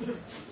Υπότιτλοι AUTHORWAVE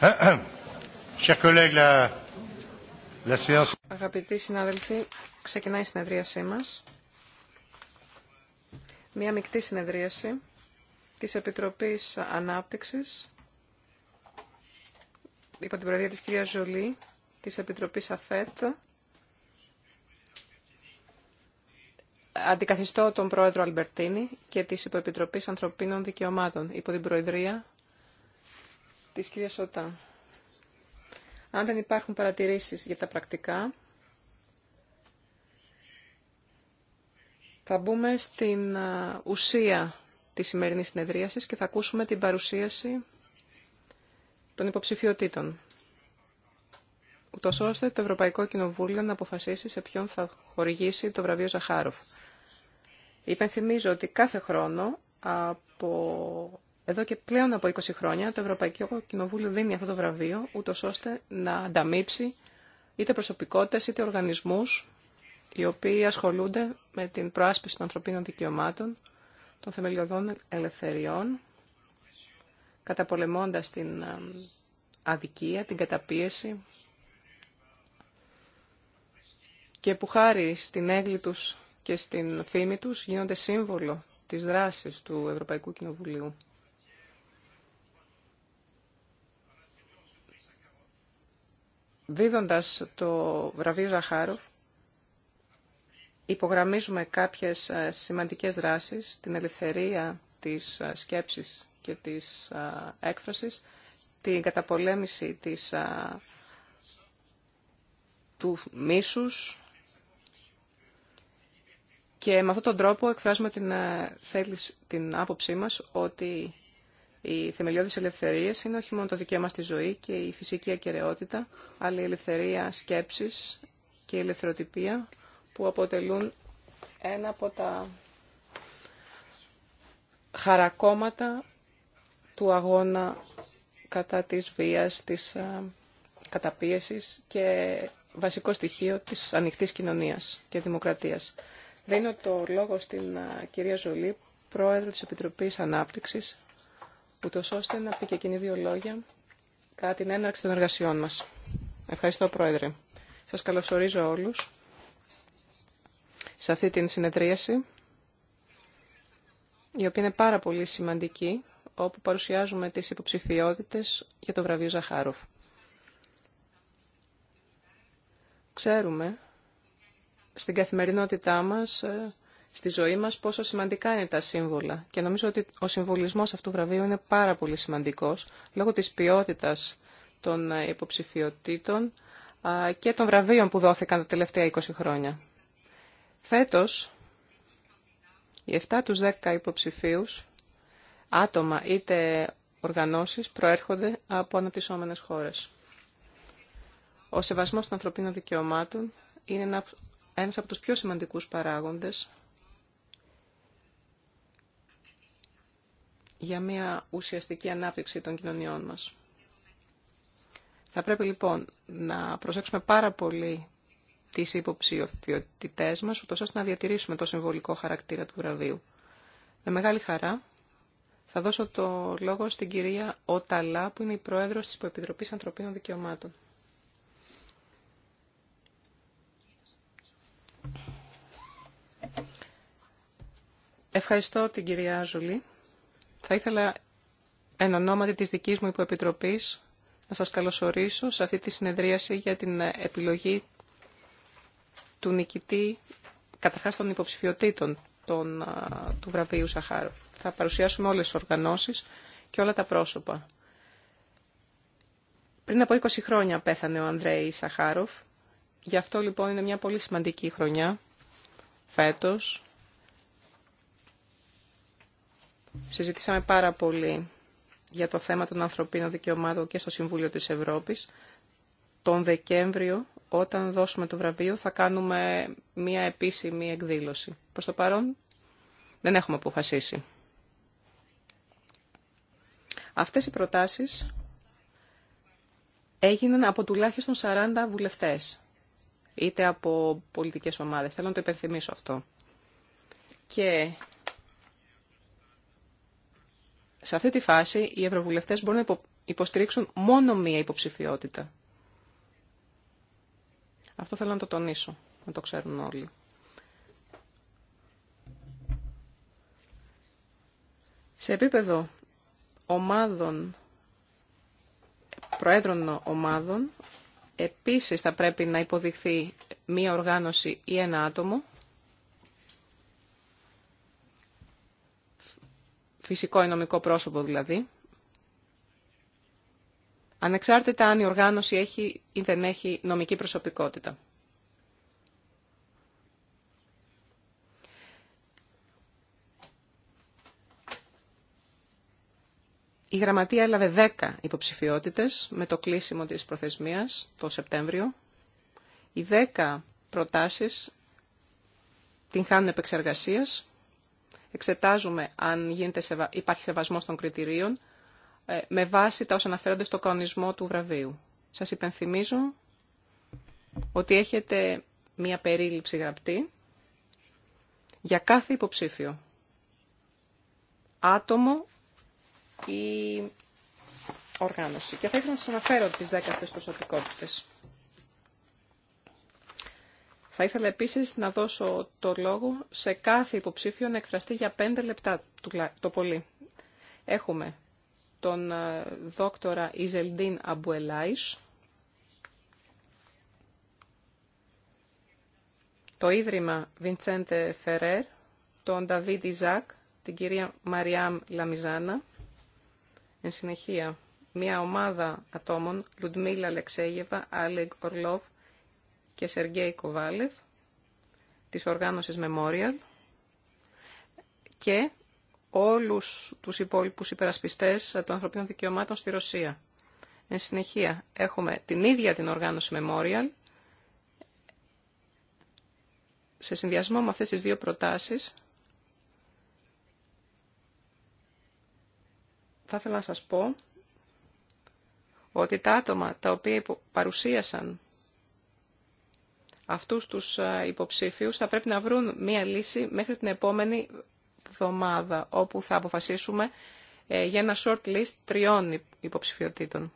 Αγαπητοί συνάδελφοι, ξεκινάει η συνεδρίασή μα. Μία μεικτή συνεδρίαση της Επιτροπής Ανάπτυξης υπό την προεδρία της κυρίας Ζολή, της Επιτροπής ΑΦΕΤ. Αντικαθιστώ τον πρόεδρο Αλμπερτίνη και της Υποεπιτροπής Ανθρωπίνων Δικαιωμάτων υπό την προεδρία της κυρίας Σωτά. Αν δεν υπάρχουν παρατηρήσεις για τα πρακτικά, θα μπούμε στην ουσία της σημερινής συνεδρίασης και θα ακούσουμε την παρουσίαση των υποψηφιωτήτων, ούτως ώστε το Ευρωπαϊκό Κοινοβούλιο να αποφασίσει σε ποιον θα χορηγήσει το βραβείο Ζαχάροφ. Υπενθυμίζω ότι κάθε χρόνο από εδώ και πλέον από 20 χρόνια το Ευρωπαϊκό Κοινοβούλιο δίνει αυτό το βραβείο, ούτω ώστε να ανταμείψει είτε προσωπικότητες είτε οργανισμούς οι οποίοι ασχολούνται με την προάσπιση των ανθρωπίνων δικαιωμάτων, των θεμελιωδών ελευθεριών, καταπολεμώντας την ε, αδικία, την καταπίεση και που χάρη στην έγκλη τους και στην φήμη του γίνονται σύμβολο της δράσης του Ευρωπαϊκού Κοινοβουλίου. δίδοντας το βραβείο Ζαχάροφ, υπογραμμίζουμε κάποιες ε, σημαντικές δράσεις, την ελευθερία της ε, σκέψης και της ε, έκφρασης, την καταπολέμηση της, του μίσους και με αυτόν τον τρόπο εκφράζουμε την, θέληση, την άποψή μας ότι οι θεμελιώδεις ελευθερίες είναι όχι μόνο το δικαίωμα στη ζωή και η φυσική ακεραιότητα, αλλά η ελευθερία σκέψης και η ελευθεροτυπία που αποτελούν ένα από τα χαρακόμματα του αγώνα κατά της βίας, της ε, καταπίεσης και βασικό στοιχείο της ανοιχτής κοινωνίας και δημοκρατίας. Δίνω το λόγο στην ε, κυρία Ζολή, πρόεδρο της Επιτροπής Ανάπτυξης, ούτως ώστε να πει και εκείνη δύο λόγια κατά την έναρξη των εργασιών μας. Ευχαριστώ, Πρόεδρε. Σας καλωσορίζω όλους σε αυτή την συνεδρίαση, η οποία είναι πάρα πολύ σημαντική, όπου παρουσιάζουμε τις υποψηφιότητες για το βραβείο Ζαχάροφ. Ξέρουμε στην καθημερινότητά μας ε, στη ζωή μας πόσο σημαντικά είναι τα σύμβολα. Και νομίζω ότι ο συμβολισμός αυτού του βραβείου είναι πάρα πολύ σημαντικός λόγω της ποιότητας των ε, υποψηφιωτήτων και των βραβείων που δόθηκαν τα τελευταία 20 χρόνια. Φέτος, οι 7 τους 10 υποψηφίους, άτομα είτε οργανώσεις, προέρχονται από αναπτυσσόμενες χώρες. Ο σεβασμός των ανθρωπίνων δικαιωμάτων είναι ένας από τους πιο σημαντικούς παράγοντες για μια ουσιαστική ανάπτυξη των κοινωνιών μας. Θα πρέπει λοιπόν να προσέξουμε πάρα πολύ τις υποψηφιότητές μας, ούτως ώστε να διατηρήσουμε το συμβολικό χαρακτήρα του βραβείου. Με μεγάλη χαρά θα δώσω το λόγο στην κυρία Οταλά, που είναι η Πρόεδρος της Υποεπιτροπής Ανθρωπίνων Δικαιωμάτων. Ευχαριστώ την κυρία Ζουλή. Θα ήθελα εν ονόματι της δικής μου υποεπιτροπής να σας καλωσορίσω σε αυτή τη συνεδρίαση για την επιλογή του νικητή, καταρχάς των υποψηφιωτήτων των, του βραβείου Σαχάροφ. Θα παρουσιάσουμε όλες τις οργανώσεις και όλα τα πρόσωπα. Πριν από 20 χρόνια πέθανε ο Ανδρέη Σαχάροφ. Γι' αυτό λοιπόν είναι μια πολύ σημαντική χρονιά φέτος Συζητήσαμε πάρα πολύ για το θέμα των ανθρωπίνων δικαιωμάτων και στο Συμβούλιο της Ευρώπης. Τον Δεκέμβριο, όταν δώσουμε το βραβείο, θα κάνουμε μία επίσημη εκδήλωση. Προς το παρόν, δεν έχουμε αποφασίσει. Αυτές οι προτάσεις έγιναν από τουλάχιστον 40 βουλευτές, είτε από πολιτικές ομάδες. Θέλω να το υπενθυμίσω αυτό. Και σε αυτή τη φάση οι ευρωβουλευτέ μπορούν να υποστηρίξουν μόνο μία υποψηφιότητα. Αυτό θέλω να το τονίσω, να το ξέρουν όλοι. Σε επίπεδο ομάδων, προέδρων ομάδων, επίσης θα πρέπει να υποδειχθεί μία οργάνωση ή ένα άτομο φυσικό ή νομικό πρόσωπο δηλαδή, ανεξάρτητα αν η οργάνωση έχει ή δεν έχει νομική προσωπικότητα. Η Γραμματεία έλαβε 10 υποψηφιότητες με το κλείσιμο της προθεσμίας το Σεπτέμβριο. Οι 10 προτάσεις την χάνουν επεξεργασίας εξετάζουμε αν γίνεται σεβα... υπάρχει σεβασμός των κριτηρίων ε, με βάση τα όσα αναφέρονται στο κανονισμό του βραβείου. Σας υπενθυμίζω ότι έχετε μία περίληψη γραπτή για κάθε υποψήφιο. Άτομο ή οργάνωση. Και θα ήθελα να σας αναφέρω τις 10 αυτές προσωπικότητες. Θα ήθελα επίσης να δώσω το λόγο σε κάθε υποψήφιο να εκφραστεί για πέντε λεπτά το πολύ. Έχουμε τον ε, δόκτορα Ιζελντίν Αμπουελάης, το Ίδρυμα Βιντσέντε Φερέρ, τον Νταβίδ Ιζάκ, την κυρία Μαριάμ Λαμιζάνα, εν συνεχεία μια ομάδα ατόμων, Λουτμίλα Αλεξέγεβα, Άλεγ Ορλόβ, και Σεργέη Κοβάλεφ της οργάνωσης Memorial και όλους τους υπόλοιπους υπερασπιστές των ανθρωπίνων δικαιωμάτων στη Ρωσία. Εν συνεχεία, έχουμε την ίδια την οργάνωση Memorial. Σε συνδυασμό με αυτές τις δύο προτάσεις, θα ήθελα να σας πω ότι τα άτομα τα οποία παρουσίασαν αυτούς τους υποψήφιους θα πρέπει να βρουν μία λύση μέχρι την επόμενη εβδομάδα όπου θα αποφασίσουμε ε, για ένα short list τριών υποψηφιότητων.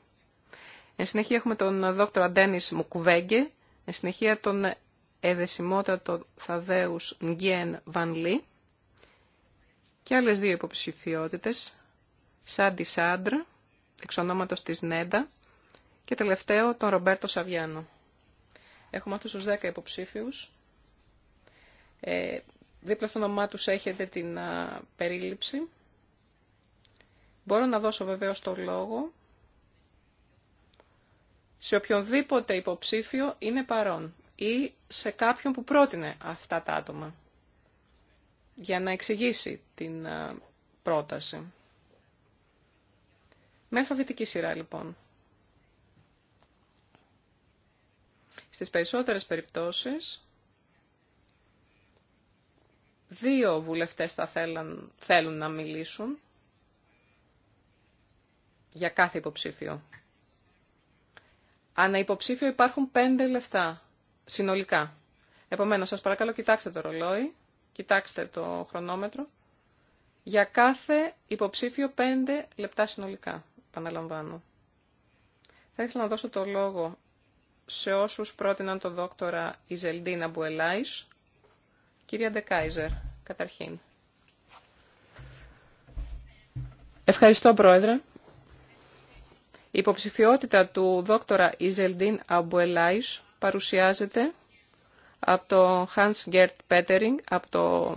Εν συνεχεία έχουμε τον ε, δόκτωρα Ντένις Μουκουβέγγε, εν συνεχεία τον ε, εδεσιμότατο Θαδέους Νγκιέν Βαν Λί και άλλες δύο υποψηφιότητες, Σάντι Σάντρ, εξ ονόματος της Νέντα και τελευταίο τον Ρομπέρτο Σαβιάνο. Έχουμε αυτούς τους 10 υποψήφιους. Ε, δίπλα στο όνομά τους έχετε την περίληψη. Μπορώ να δώσω βεβαίως το λόγο σε οποιονδήποτε υποψήφιο είναι παρόν ή σε κάποιον που πρότεινε αυτά τα άτομα για να εξηγήσει την πρόταση. Με αλφαβητική σειρά λοιπόν. Στις περισσότερες περιπτώσεις, δύο βουλευτές θα θέλουν, θέλουν να μιλήσουν για κάθε υποψήφιο. Ανά υποψήφιο υπάρχουν πέντε λεφτά συνολικά. Επομένως, σας παρακαλώ κοιτάξτε το ρολόι, κοιτάξτε το χρονόμετρο. Για κάθε υποψήφιο πέντε λεπτά συνολικά, επαναλαμβάνω. Θα ήθελα να δώσω το λόγο σε όσους πρότειναν τον δόκτορα Ιζελντίνα Μπουελάης. Κυρία Ντεκάιζερ, καταρχήν. Ευχαριστώ, Πρόεδρε. Η υποψηφιότητα του δόκτορα Ιζελντίν Αμπουελάης παρουσιάζεται από τον Hans Gert Πέτερινγκ, από το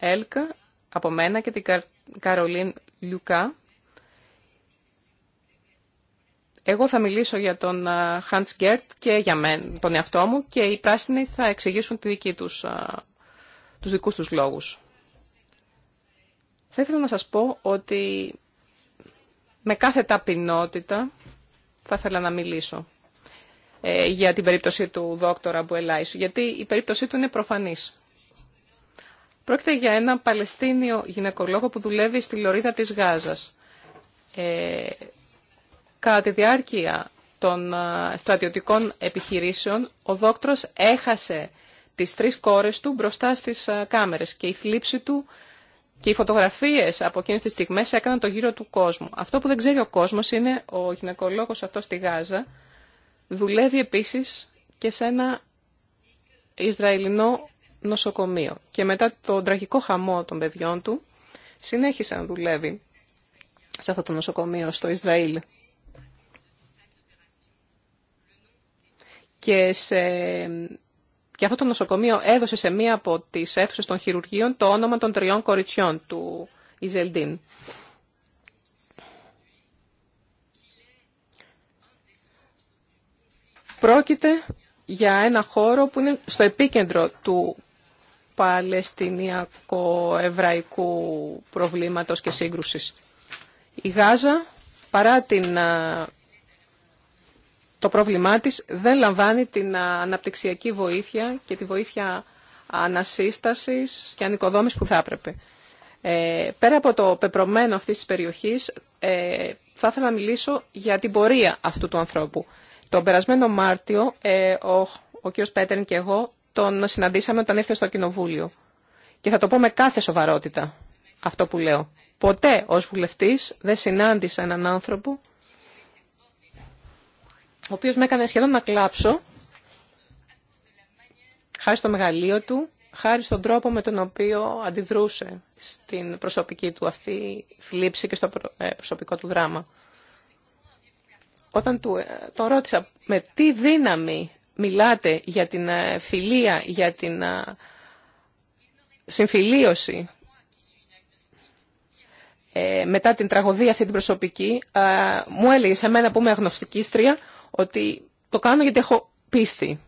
ΕΛΚΑ, από μένα και την Καρολίν Λιουκά εγώ θα μιλήσω για τον Hans Gert και για μεν, τον εαυτό μου και οι πράσινοι θα εξηγήσουν τη δική τους, τους δικούς τους λόγους. Θα ήθελα να σας πω ότι με κάθε ταπεινότητα θα ήθελα να μιλήσω ε, για την περίπτωση του δόκτωρα Μπουελάης, γιατί η περίπτωσή του είναι προφανής. Πρόκειται για ένα Παλαιστίνιο γυναικολόγο που δουλεύει στη λωρίδα της Γάζας. Ε, Κατά τη διάρκεια των ε, στρατιωτικών επιχειρήσεων, ο δόκτρος έχασε τις τρεις κόρες του μπροστά στις ε, κάμερες και η θλίψη του και οι φωτογραφίες από εκείνες τις στιγμές έκαναν το γύρο του κόσμου. Αυτό που δεν ξέρει ο κόσμος είναι ο γυναικολόγος αυτός στη Γάζα δουλεύει επίσης και σε ένα Ισραηλινό νοσοκομείο. Και μετά τον τραγικό χαμό των παιδιών του συνέχισε να δουλεύει σε αυτό το νοσοκομείο στο Ισραήλ και, σε... και αυτό το νοσοκομείο έδωσε σε μία από τις αίθουσες των χειρουργείων το όνομα των τριών κοριτσιών του Ιζελντίν. Πρόκειται για ένα χώρο που είναι στο επίκεντρο του παλαιστινιακο-εβραϊκού προβλήματος και σύγκρουσης. Η Γάζα, παρά την το πρόβλημά της δεν λαμβάνει την αναπτυξιακή βοήθεια και τη βοήθεια ανασύστασης και ανοικοδόμης που θα έπρεπε. Ε, πέρα από το πεπρωμένο αυτής της περιοχής, ε, θα ήθελα να μιλήσω για την πορεία αυτού του ανθρώπου. Τον περασμένο Μάρτιο, ε, ο, ο κ. Πέτερν και εγώ τον συναντήσαμε όταν ήρθε στο Κοινοβούλιο. Και θα το πω με κάθε σοβαρότητα αυτό που λέω. Ποτέ ως βουλευτής δεν συνάντησα έναν άνθρωπο ο οποίος με έκανε σχεδόν να κλάψω, χάρη στο μεγαλείο του, χάρη στον τρόπο με τον οποίο αντιδρούσε στην προσωπική του αυτή θλίψη και στο ε, προσωπικό του δράμα. Όταν του, ε, τον ρώτησα με τι δύναμη μιλάτε για την ε, φιλία, για την συμφιλίωση μετά την τραγωδία αυτή την προσωπική, μου έλεγε σε μένα που είμαι αγνωστική στρία ότι το κάνω γιατί έχω πίστη.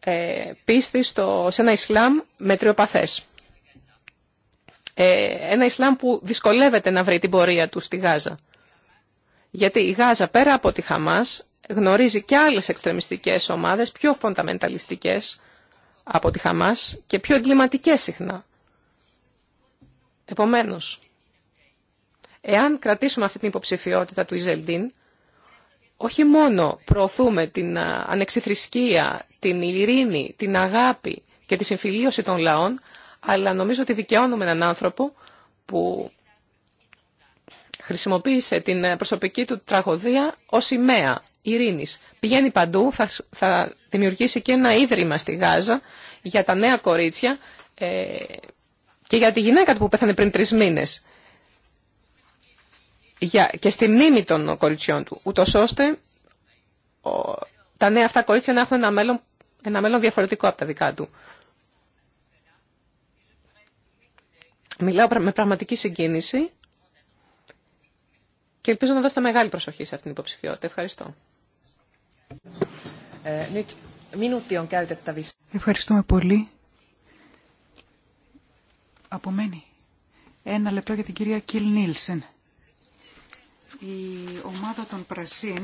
Ε, πίστη στο, σε ένα Ισλάμ μετριοπαθές. Ε, ένα Ισλάμ που δυσκολεύεται να βρει την πορεία του στη Γάζα. Γιατί η Γάζα πέρα από τη Χαμάς γνωρίζει και άλλες εξτρεμιστικές ομάδες πιο φονταμενταλιστικές από τη Χαμάς και πιο εγκληματικές συχνά. Επομένως, εάν κρατήσουμε αυτή την υποψηφιότητα του Ιζελντίν, όχι μόνο προωθούμε την ανεξιθρησκεία, την ειρήνη, την αγάπη και τη συμφιλίωση των λαών, αλλά νομίζω ότι δικαιώνουμε έναν άνθρωπο που χρησιμοποίησε την προσωπική του τραγωδία ως σημαία ειρήνης. Πηγαίνει παντού, θα, θα δημιουργήσει και ένα ίδρυμα στη Γάζα για τα νέα κορίτσια ε, και για τη γυναίκα του που πέθανε πριν τρεις μήνες και στη μνήμη των κοριτσιών του, ούτω ώστε τα νέα αυτά κορίτσια να έχουν ένα μέλλον, ένα μέλλον διαφορετικό από τα δικά του. Μιλάω με πραγματική συγκίνηση και ελπίζω να δώσετε μεγάλη προσοχή σε αυτήν την υποψηφιότητα. Ευχαριστώ. Ε, Ευχαριστούμε πολύ. Απομένει ένα λεπτό για την κυρία Κιλ Νίλσεν. Η ομάδα των Πρασίν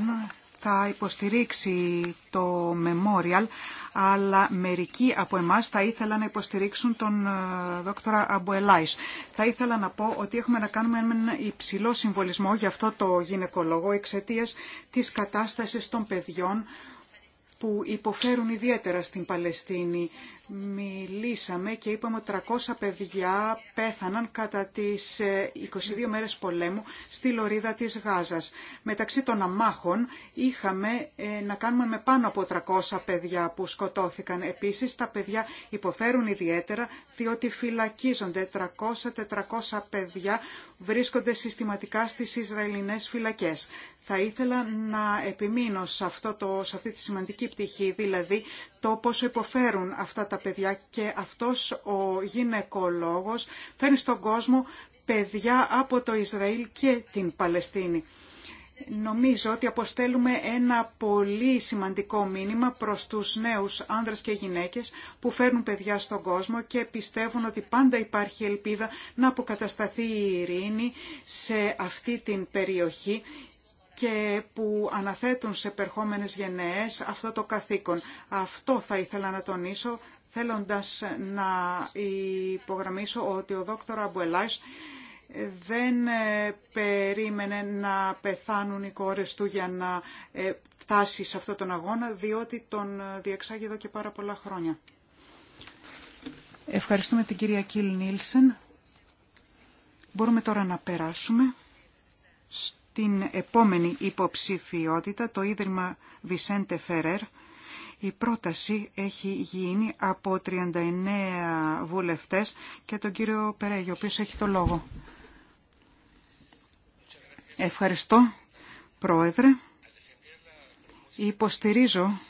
θα υποστηρίξει το Memorial, αλλά μερικοί από εμάς θα ήθελαν να υποστηρίξουν τον ε, δόκτωρα Αμποελάης. Θα ήθελα να πω ότι έχουμε να κάνουμε έναν υψηλό συμβολισμό για αυτό το γυναικολόγο εξαιτία της κατάστασης των παιδιών που υποφέρουν ιδιαίτερα στην Παλαιστίνη μιλήσαμε και είπαμε ότι 300 παιδιά πέθαναν κατά τις 22 ε, μέρες πολέμου στη λωρίδα της Γάζας. Μεταξύ των αμάχων είχαμε ε, να κάνουμε με πάνω από 300 παιδιά που σκοτώθηκαν. Επίσης τα παιδιά υποφέρουν ιδιαίτερα διότι φυλακίζονται. 300-400 παιδιά βρίσκονται συστηματικά στις Ισραηλινές φυλακές. Θα ήθελα να επιμείνω σε, αυτό το, σε αυτή τη σημαντική πτυχή, δηλαδή το πόσο υποφέρουν αυτά τα παιδιά και αυτός ο γυναικολόγος φέρνει στον κόσμο παιδιά από το Ισραήλ και την Παλαιστίνη. Νομίζω ότι αποστέλουμε ένα πολύ σημαντικό μήνυμα προς τους νέους άνδρες και γυναίκες που φέρνουν παιδιά στον κόσμο και πιστεύουν ότι πάντα υπάρχει ελπίδα να αποκατασταθεί η ειρήνη σε αυτή την περιοχή και που αναθέτουν σε περχόμενες γενναίες αυτό το καθήκον. Αυτό θα ήθελα να τονίσω θέλοντας να υπογραμμίσω ότι ο δόκτωρ Αμπουελάης δεν ε, περίμενε να πεθάνουν οι κόρες του για να ε, φτάσει σε αυτόν τον αγώνα, διότι τον ε, διεξάγει εδώ και πάρα πολλά χρόνια. Ευχαριστούμε την κυρία Κιλ Νίλσεν. Μπορούμε τώρα να περάσουμε την επόμενη υποψηφιότητα, το Ίδρυμα Βισέντε Φερέρ. Η πρόταση έχει γίνει από 39 βουλευτές και τον κύριο Περέγιο, ο οποίος έχει το λόγο. Ευχαριστώ, Πρόεδρε. Υποστηρίζω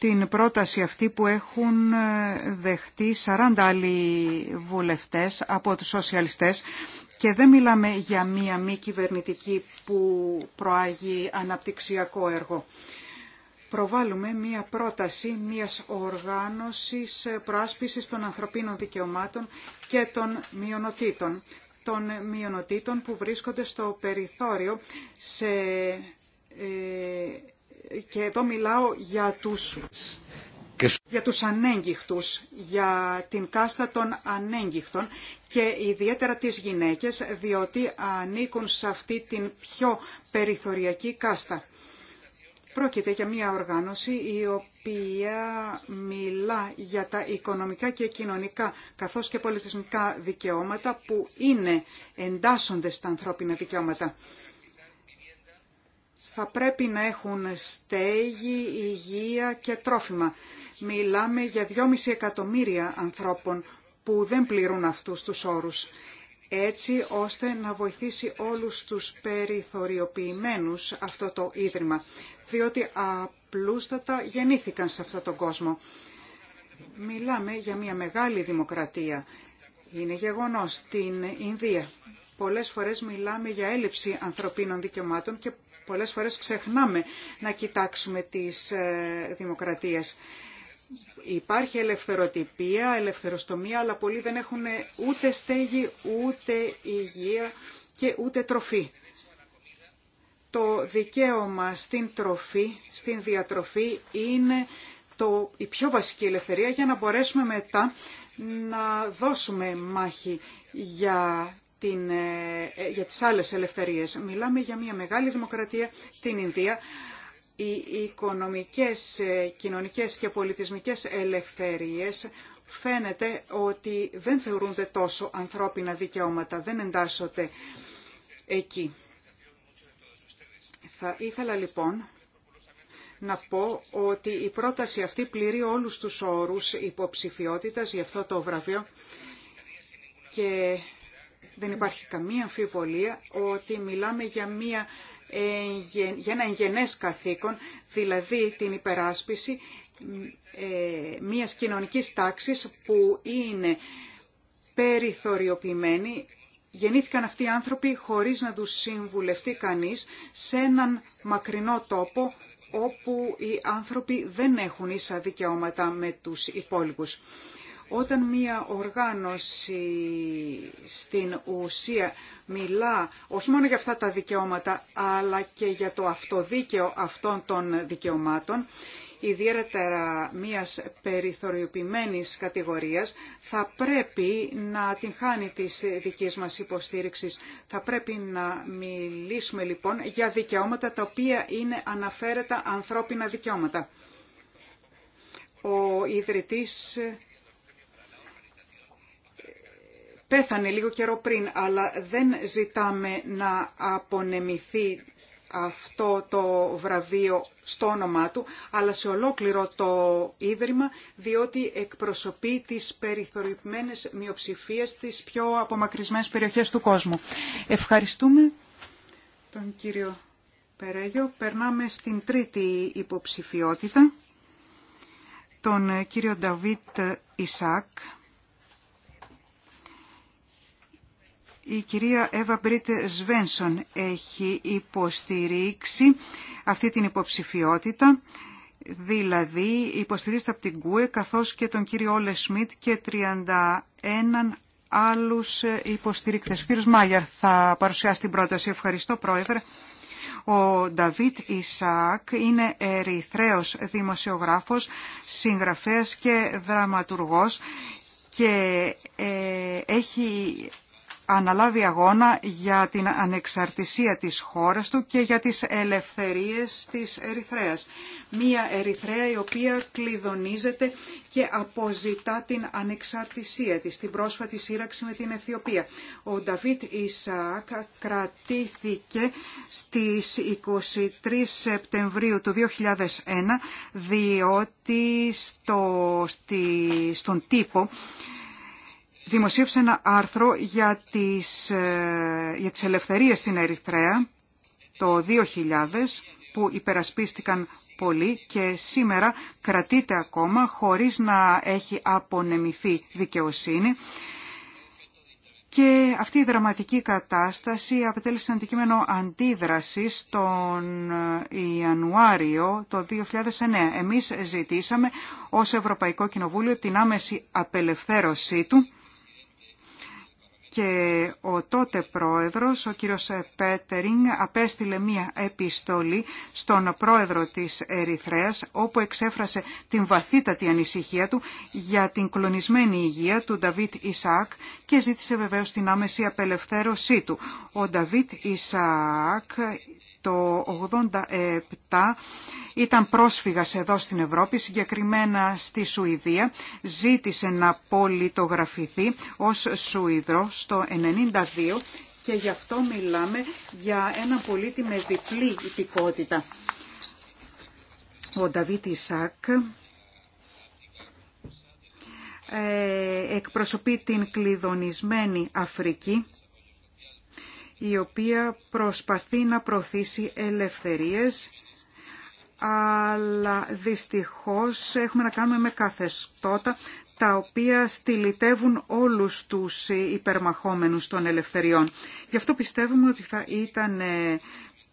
την πρόταση αυτή που έχουν ε, δεχτεί 40 άλλοι βουλευτές από τους σοσιαλιστές και δεν μιλάμε για μία μη κυβερνητική που προάγει αναπτυξιακό έργο. Προβάλλουμε μία πρόταση μίας οργάνωσης ε, προάσπισης των ανθρωπίνων δικαιωμάτων και των μειονοτήτων. Των μειονοτήτων που βρίσκονται στο περιθώριο σε ε, και εδώ μιλάω για τους, για τους ανέγγιχτους, για την κάστα των ανέγγιχτων και ιδιαίτερα τις γυναίκες, διότι ανήκουν σε αυτή την πιο περιθωριακή κάστα. Πρόκειται για μια οργάνωση η οποία μιλά για τα οικονομικά και κοινωνικά καθώς και πολιτισμικά δικαιώματα που είναι εντάσσονται στα ανθρώπινα δικαιώματα θα πρέπει να έχουν στέγη, υγεία και τρόφιμα. Μιλάμε για 2,5 εκατομμύρια ανθρώπων που δεν πληρούν αυτούς τους όρους έτσι ώστε να βοηθήσει όλους τους περιθωριοποιημένους αυτό το Ίδρυμα, διότι απλούστατα γεννήθηκαν σε αυτόν τον κόσμο. Μιλάμε για μια μεγάλη δημοκρατία. Είναι γεγονός στην Ινδία. Πολλές φορές μιλάμε για έλλειψη ανθρωπίνων δικαιωμάτων και πολλές φορές ξεχνάμε να κοιτάξουμε τις ε, δημοκρατίες. Υπάρχει ελευθεροτυπία, ελευθεροστομία, αλλά πολλοί δεν έχουν ούτε στέγη, ούτε υγεία και ούτε τροφή. Το δικαίωμα στην τροφή, στην διατροφή είναι το, η πιο βασική ελευθερία για να μπορέσουμε μετά να δώσουμε μάχη για την, ε, ε, για τις άλλες ελευθερίες. Μιλάμε για μια μεγάλη δημοκρατία, την Ινδία. Οι οικονομικές, ε, κοινωνικές και πολιτισμικές ελευθερίες φαίνεται ότι δεν θεωρούνται τόσο ανθρώπινα δικαιώματα, δεν εντάσσονται εκεί. Θα ήθελα λοιπόν να πω ότι η πρόταση αυτή πληρεί όλους τους όρους υποψηφιότητας για αυτό το βραβείο και δεν υπάρχει καμία αμφιβολία ότι μιλάμε για, μια, ε, για ένα εγγενές καθήκον, δηλαδή την υπεράσπιση ε, μιας κοινωνικής τάξης που είναι περιθωριοποιημένη. Γεννήθηκαν αυτοί οι άνθρωποι χωρίς να τους συμβουλευτεί κανείς σε έναν μακρινό τόπο όπου οι άνθρωποι δεν έχουν ίσα δικαιώματα με τους υπόλοιπους. Όταν μία οργάνωση στην ουσία μιλά όχι μόνο για αυτά τα δικαιώματα, αλλά και για το αυτοδίκαιο αυτών των δικαιωμάτων, ιδιαίτερα μίας περιθωριοποιημένης κατηγορίας, θα πρέπει να την χάνει της δικής μας υποστήριξης. Θα πρέπει να μιλήσουμε λοιπόν για δικαιώματα τα οποία είναι αναφέρετα ανθρώπινα δικαιώματα. Ο ιδρυτής πέθανε λίγο καιρό πριν, αλλά δεν ζητάμε να απονεμηθεί αυτό το βραβείο στο όνομά του, αλλά σε ολόκληρο το Ίδρυμα, διότι εκπροσωπεί τις περιθωριπμένες μειοψηφίες στις πιο απομακρυσμένες περιοχές του κόσμου. Ευχαριστούμε τον κύριο Περέγιο. Περνάμε στην τρίτη υποψηφιότητα, τον κύριο Νταβίτ Ισάκ Η κυρία Εύα Μπρίτε Σβένσον έχει υποστηρίξει αυτή την υποψηφιότητα, δηλαδή υποστηρίζεται από την ΚΟΕ καθώς και τον κύριο Όλε Σμιτ και 31 άλλους ε, υποστηρίκτες. Κύριος Μάγιαρ θα παρουσιάσει την πρόταση. Ευχαριστώ Πρόεδρε. Ο Νταβίτ Ισακ είναι ερυθρέος δημοσιογράφος, συγγραφέας και δραματουργός και ε, έχει αναλάβει αγώνα για την ανεξαρτησία της χώρας του και για τις ελευθερίες της Ερυθρέας. Μία Ερυθρέα η οποία κλειδονίζεται και αποζητά την ανεξαρτησία της στην πρόσφατη σύραξη με την Αιθιοπία. Ο Νταβίτ Ισαάκ κρατήθηκε στις 23 Σεπτεμβρίου του 2001 διότι στο, στον τύπο δημοσίευσε ένα άρθρο για τις, ε, για τις ελευθερίες στην Ερυθρέα το 2000 που υπερασπίστηκαν πολύ και σήμερα κρατείται ακόμα χωρίς να έχει απονεμηθεί δικαιοσύνη. Και αυτή η δραματική κατάσταση αποτέλεσε αντικείμενο αντίδρασης τον ε, Ιανουάριο το 2009. Εμείς ζητήσαμε ως Ευρωπαϊκό Κοινοβούλιο την άμεση απελευθέρωσή του και ο τότε πρόεδρος, ο κύριος Πέτερινγκ, απέστειλε μία επιστολή στον πρόεδρο της Ερυθρέας, όπου εξέφρασε την βαθύτατη ανησυχία του για την κλονισμένη υγεία του Νταβίτ Ισάκ και ζήτησε βεβαίως την άμεση απελευθέρωσή του. Ο Νταβίτ Ισαάκ το 87 ήταν πρόσφυγας εδώ στην Ευρώπη, συγκεκριμένα στη Σουηδία. Ζήτησε να πολιτογραφηθεί ως Σουηδρό στο 92 και γι' αυτό μιλάμε για ένα πολίτη με διπλή υπηκότητα. Ο Νταβίτ Ισάκ ε, εκπροσωπεί την κλειδονισμένη Αφρική η οποία προσπαθεί να προωθήσει ελευθερίες, αλλά δυστυχώς έχουμε να κάνουμε με καθεστώτα τα οποία στυλιτεύουν όλους τους υπερμαχόμενους των ελευθεριών. Γι' αυτό πιστεύουμε ότι θα ήταν ε,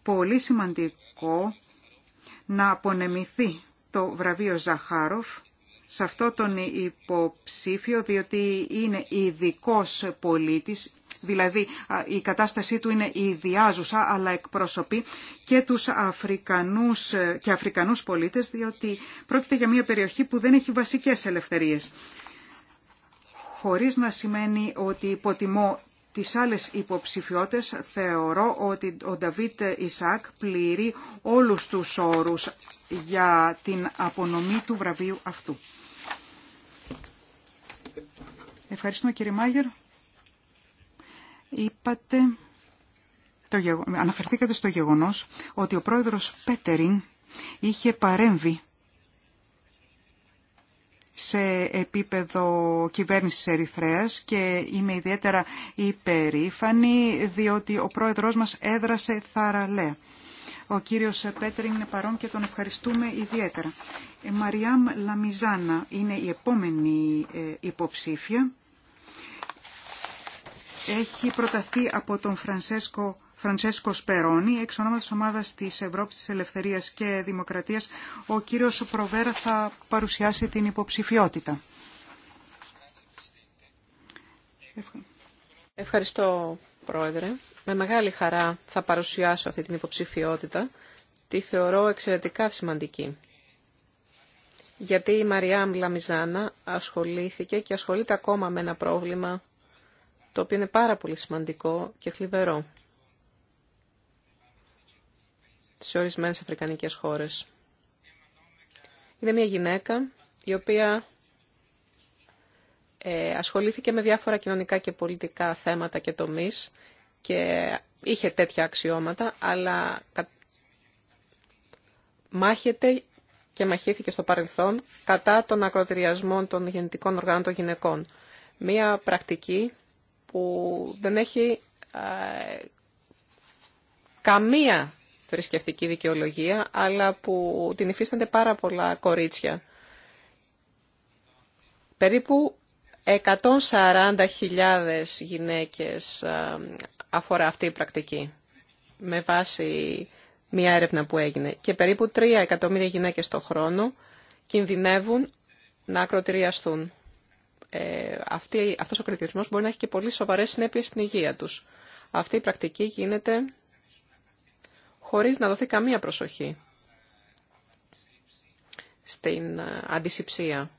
πολύ σημαντικό να απονεμηθεί το βραβείο Ζαχάροφ σε αυτό τον υποψήφιο, διότι είναι ειδικό πολίτης, δηλαδή η κατάστασή του είναι ιδιάζουσα αλλά εκπροσωπεί και τους Αφρικανούς ε, και Αφρικανούς πολίτες διότι πρόκειται για μια περιοχή που δεν έχει βασικές ελευθερίες. Χωρίς να σημαίνει ότι υποτιμώ τις άλλες υποψηφιότητες θεωρώ ότι ο Νταβίτ Ισακ πληρεί όλους τους όρους για την απονομή του βραβείου αυτού. Ευχαριστώ κύριε Μάγερ είπατε, το, αναφερθήκατε στο γεγονός ότι ο πρόεδρος Πέτεριν είχε παρέμβει σε επίπεδο κυβέρνησης Ερυθρέας και είμαι ιδιαίτερα υπερήφανη διότι ο πρόεδρός μας έδρασε θαραλέα. Ο κύριος Πέτεριν είναι παρόν και τον ευχαριστούμε ιδιαίτερα. Ε, Μαριάμ Λαμιζάνα είναι η επόμενη ε, υποψήφια έχει προταθεί από τον Φρανσέσκο Φρανσέσκο Σπερώνη, εξ της ομάδας της Ευρώπης της Ελευθερίας και Δημοκρατίας. Ο κύριος Προβέρα θα παρουσιάσει την υποψηφιότητα. Ευχαριστώ, Πρόεδρε. Με μεγάλη χαρά θα παρουσιάσω αυτή την υποψηφιότητα. Τη θεωρώ εξαιρετικά σημαντική. Γιατί η Μαριάμ Λαμιζάνα ασχολήθηκε και ασχολείται ακόμα με ένα πρόβλημα το οποίο είναι πάρα πολύ σημαντικό και θλιβερό σε ορισμένες αφρικανικές χώρες. Είναι μια γυναίκα η οποία ε, ασχολήθηκε με διάφορα κοινωνικά και πολιτικά θέματα και τομείς και είχε τέτοια αξιώματα, αλλά μάχεται και μαχήθηκε στο παρελθόν κατά των ακροτηριασμών των γεννητικών οργάνων των γυναικών. Μία πρακτική που δεν έχει ε, καμία θρησκευτική δικαιολογία, αλλά που την υφίστανται πάρα πολλά κορίτσια. Περίπου 140.000 γυναίκες ε, αφορά αυτή η πρακτική, με βάση μια έρευνα που έγινε. Και περίπου 3 εκατομμύρια γυναίκες το χρόνο κινδυνεύουν να ακροτηριαστούν ε, αυτός ο κριτισμός μπορεί να έχει και πολύ σοβαρές συνέπειες στην υγεία τους. Αυτή η πρακτική γίνεται χωρίς να δοθεί καμία προσοχή στην ε, αντισηψία.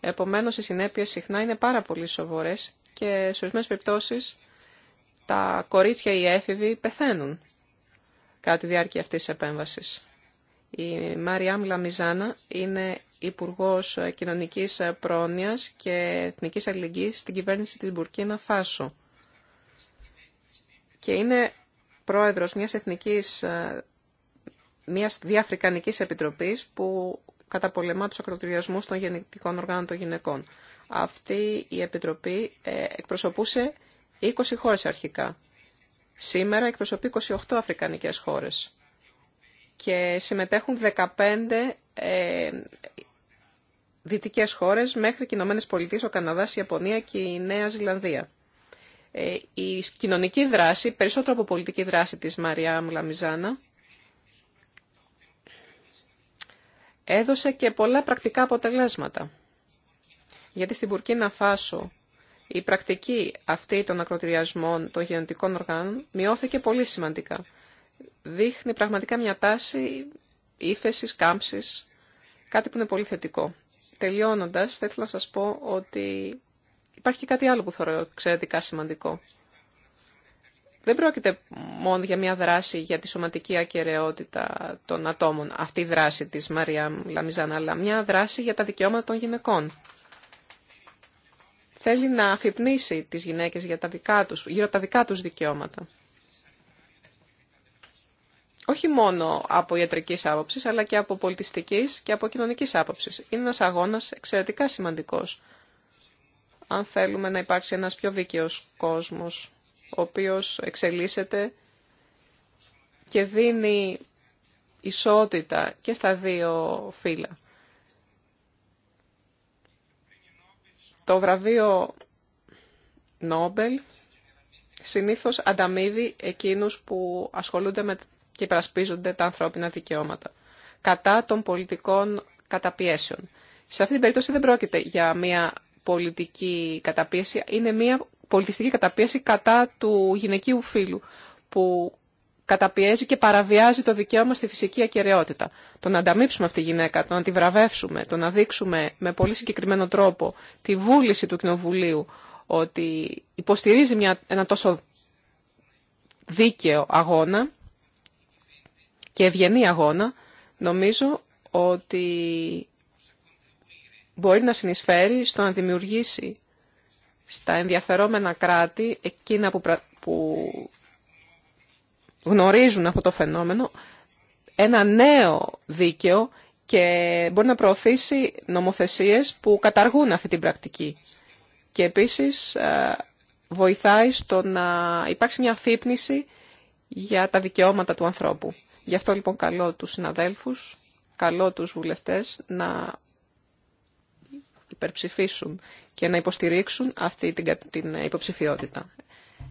Επομένως, οι συνέπειες συχνά είναι πάρα πολύ σοβαρές και σε ορισμένε περιπτώσεις τα κορίτσια ή οι έφηβοι πεθαίνουν κατά τη διάρκεια αυτής της επέμβασης. Η Μάρια Λαμιζάνα είναι Υπουργό Κοινωνική Πρόνοια και Εθνική Αλληλεγγύη στην κυβέρνηση τη Μπουρκίνα Φάσο. Και είναι πρόεδρος μιας εθνικής, μιας διαφρικανικής επιτροπής που καταπολεμά τους ακροτηριασμού των γεννητικών οργάνων των γυναικών. Αυτή η επιτροπή ε, εκπροσωπούσε 20 χώρες αρχικά. Σήμερα εκπροσωπεί 28 αφρικανικές χώρες και συμμετέχουν 15 ε, δυτικές χώρες μέχρι και οι Ηνωμένες Πολιτείες, ο Καναδάς, η Ιαπωνία και η Νέα Ζηλανδία. Ε, η κοινωνική δράση, περισσότερο από πολιτική δράση της Μαριά Μουλαμιζάνα, έδωσε και πολλά πρακτικά αποτελέσματα. Γιατί στην Πουρκίνα Φάσο η πρακτική αυτή των ακροτηριασμών των γενετικών οργάνων μειώθηκε πολύ σημαντικά δείχνει πραγματικά μια τάση ύφεση, κάμψης, κάτι που είναι πολύ θετικό. Τελειώνοντας, θα να σας πω ότι υπάρχει και κάτι άλλο που θεωρώ εξαιρετικά σημαντικό. Δεν πρόκειται μόνο για μια δράση για τη σωματική ακαιρεότητα των ατόμων, αυτή η δράση της Μαρία Λαμιζάν, αλλά μια δράση για τα δικαιώματα των γυναικών. Θέλει να αφυπνίσει τις γυναίκες για τα δικά τους, γύρω από τα δικά τους δικαιώματα όχι μόνο από ιατρικής άποψης, αλλά και από πολιτιστικής και από κοινωνικής άποψης. Είναι ένας αγώνας εξαιρετικά σημαντικός, αν θέλουμε να υπάρξει ένας πιο δίκαιο κόσμος, ο οποίο εξελίσσεται και δίνει ισότητα και στα δύο φύλλα. Το βραβείο Νόμπελ συνήθως ανταμείβει εκείνους που ασχολούνται με και υπερασπίζονται τα ανθρώπινα δικαιώματα κατά των πολιτικών καταπιέσεων. Σε αυτή την περίπτωση δεν πρόκειται για μια πολιτική καταπίεση, είναι μια πολιτιστική καταπίεση κατά του γυναικείου φίλου που καταπιέζει και παραβιάζει το δικαίωμα στη φυσική ακεραιότητα. Το να ανταμείψουμε αυτή τη γυναίκα, το να τη βραβεύσουμε, το να δείξουμε με πολύ συγκεκριμένο τρόπο τη βούληση του Κοινοβουλίου ότι υποστηρίζει μια, ένα τόσο δίκαιο αγώνα, και ευγενή αγώνα, νομίζω ότι μπορεί να συνεισφέρει στο να δημιουργήσει στα ενδιαφερόμενα κράτη, εκείνα που, γνωρίζουν αυτό το φαινόμενο, ένα νέο δίκαιο και μπορεί να προωθήσει νομοθεσίες που καταργούν αυτή την πρακτική. Και επίσης βοηθάει στο να υπάρξει μια θύπνιση για τα δικαιώματα του ανθρώπου. Γι' αυτό λοιπόν καλώ τους συναδέλφους, καλώ τους βουλευτές να υπερψηφίσουν και να υποστηρίξουν αυτή την, την υποψηφιότητα.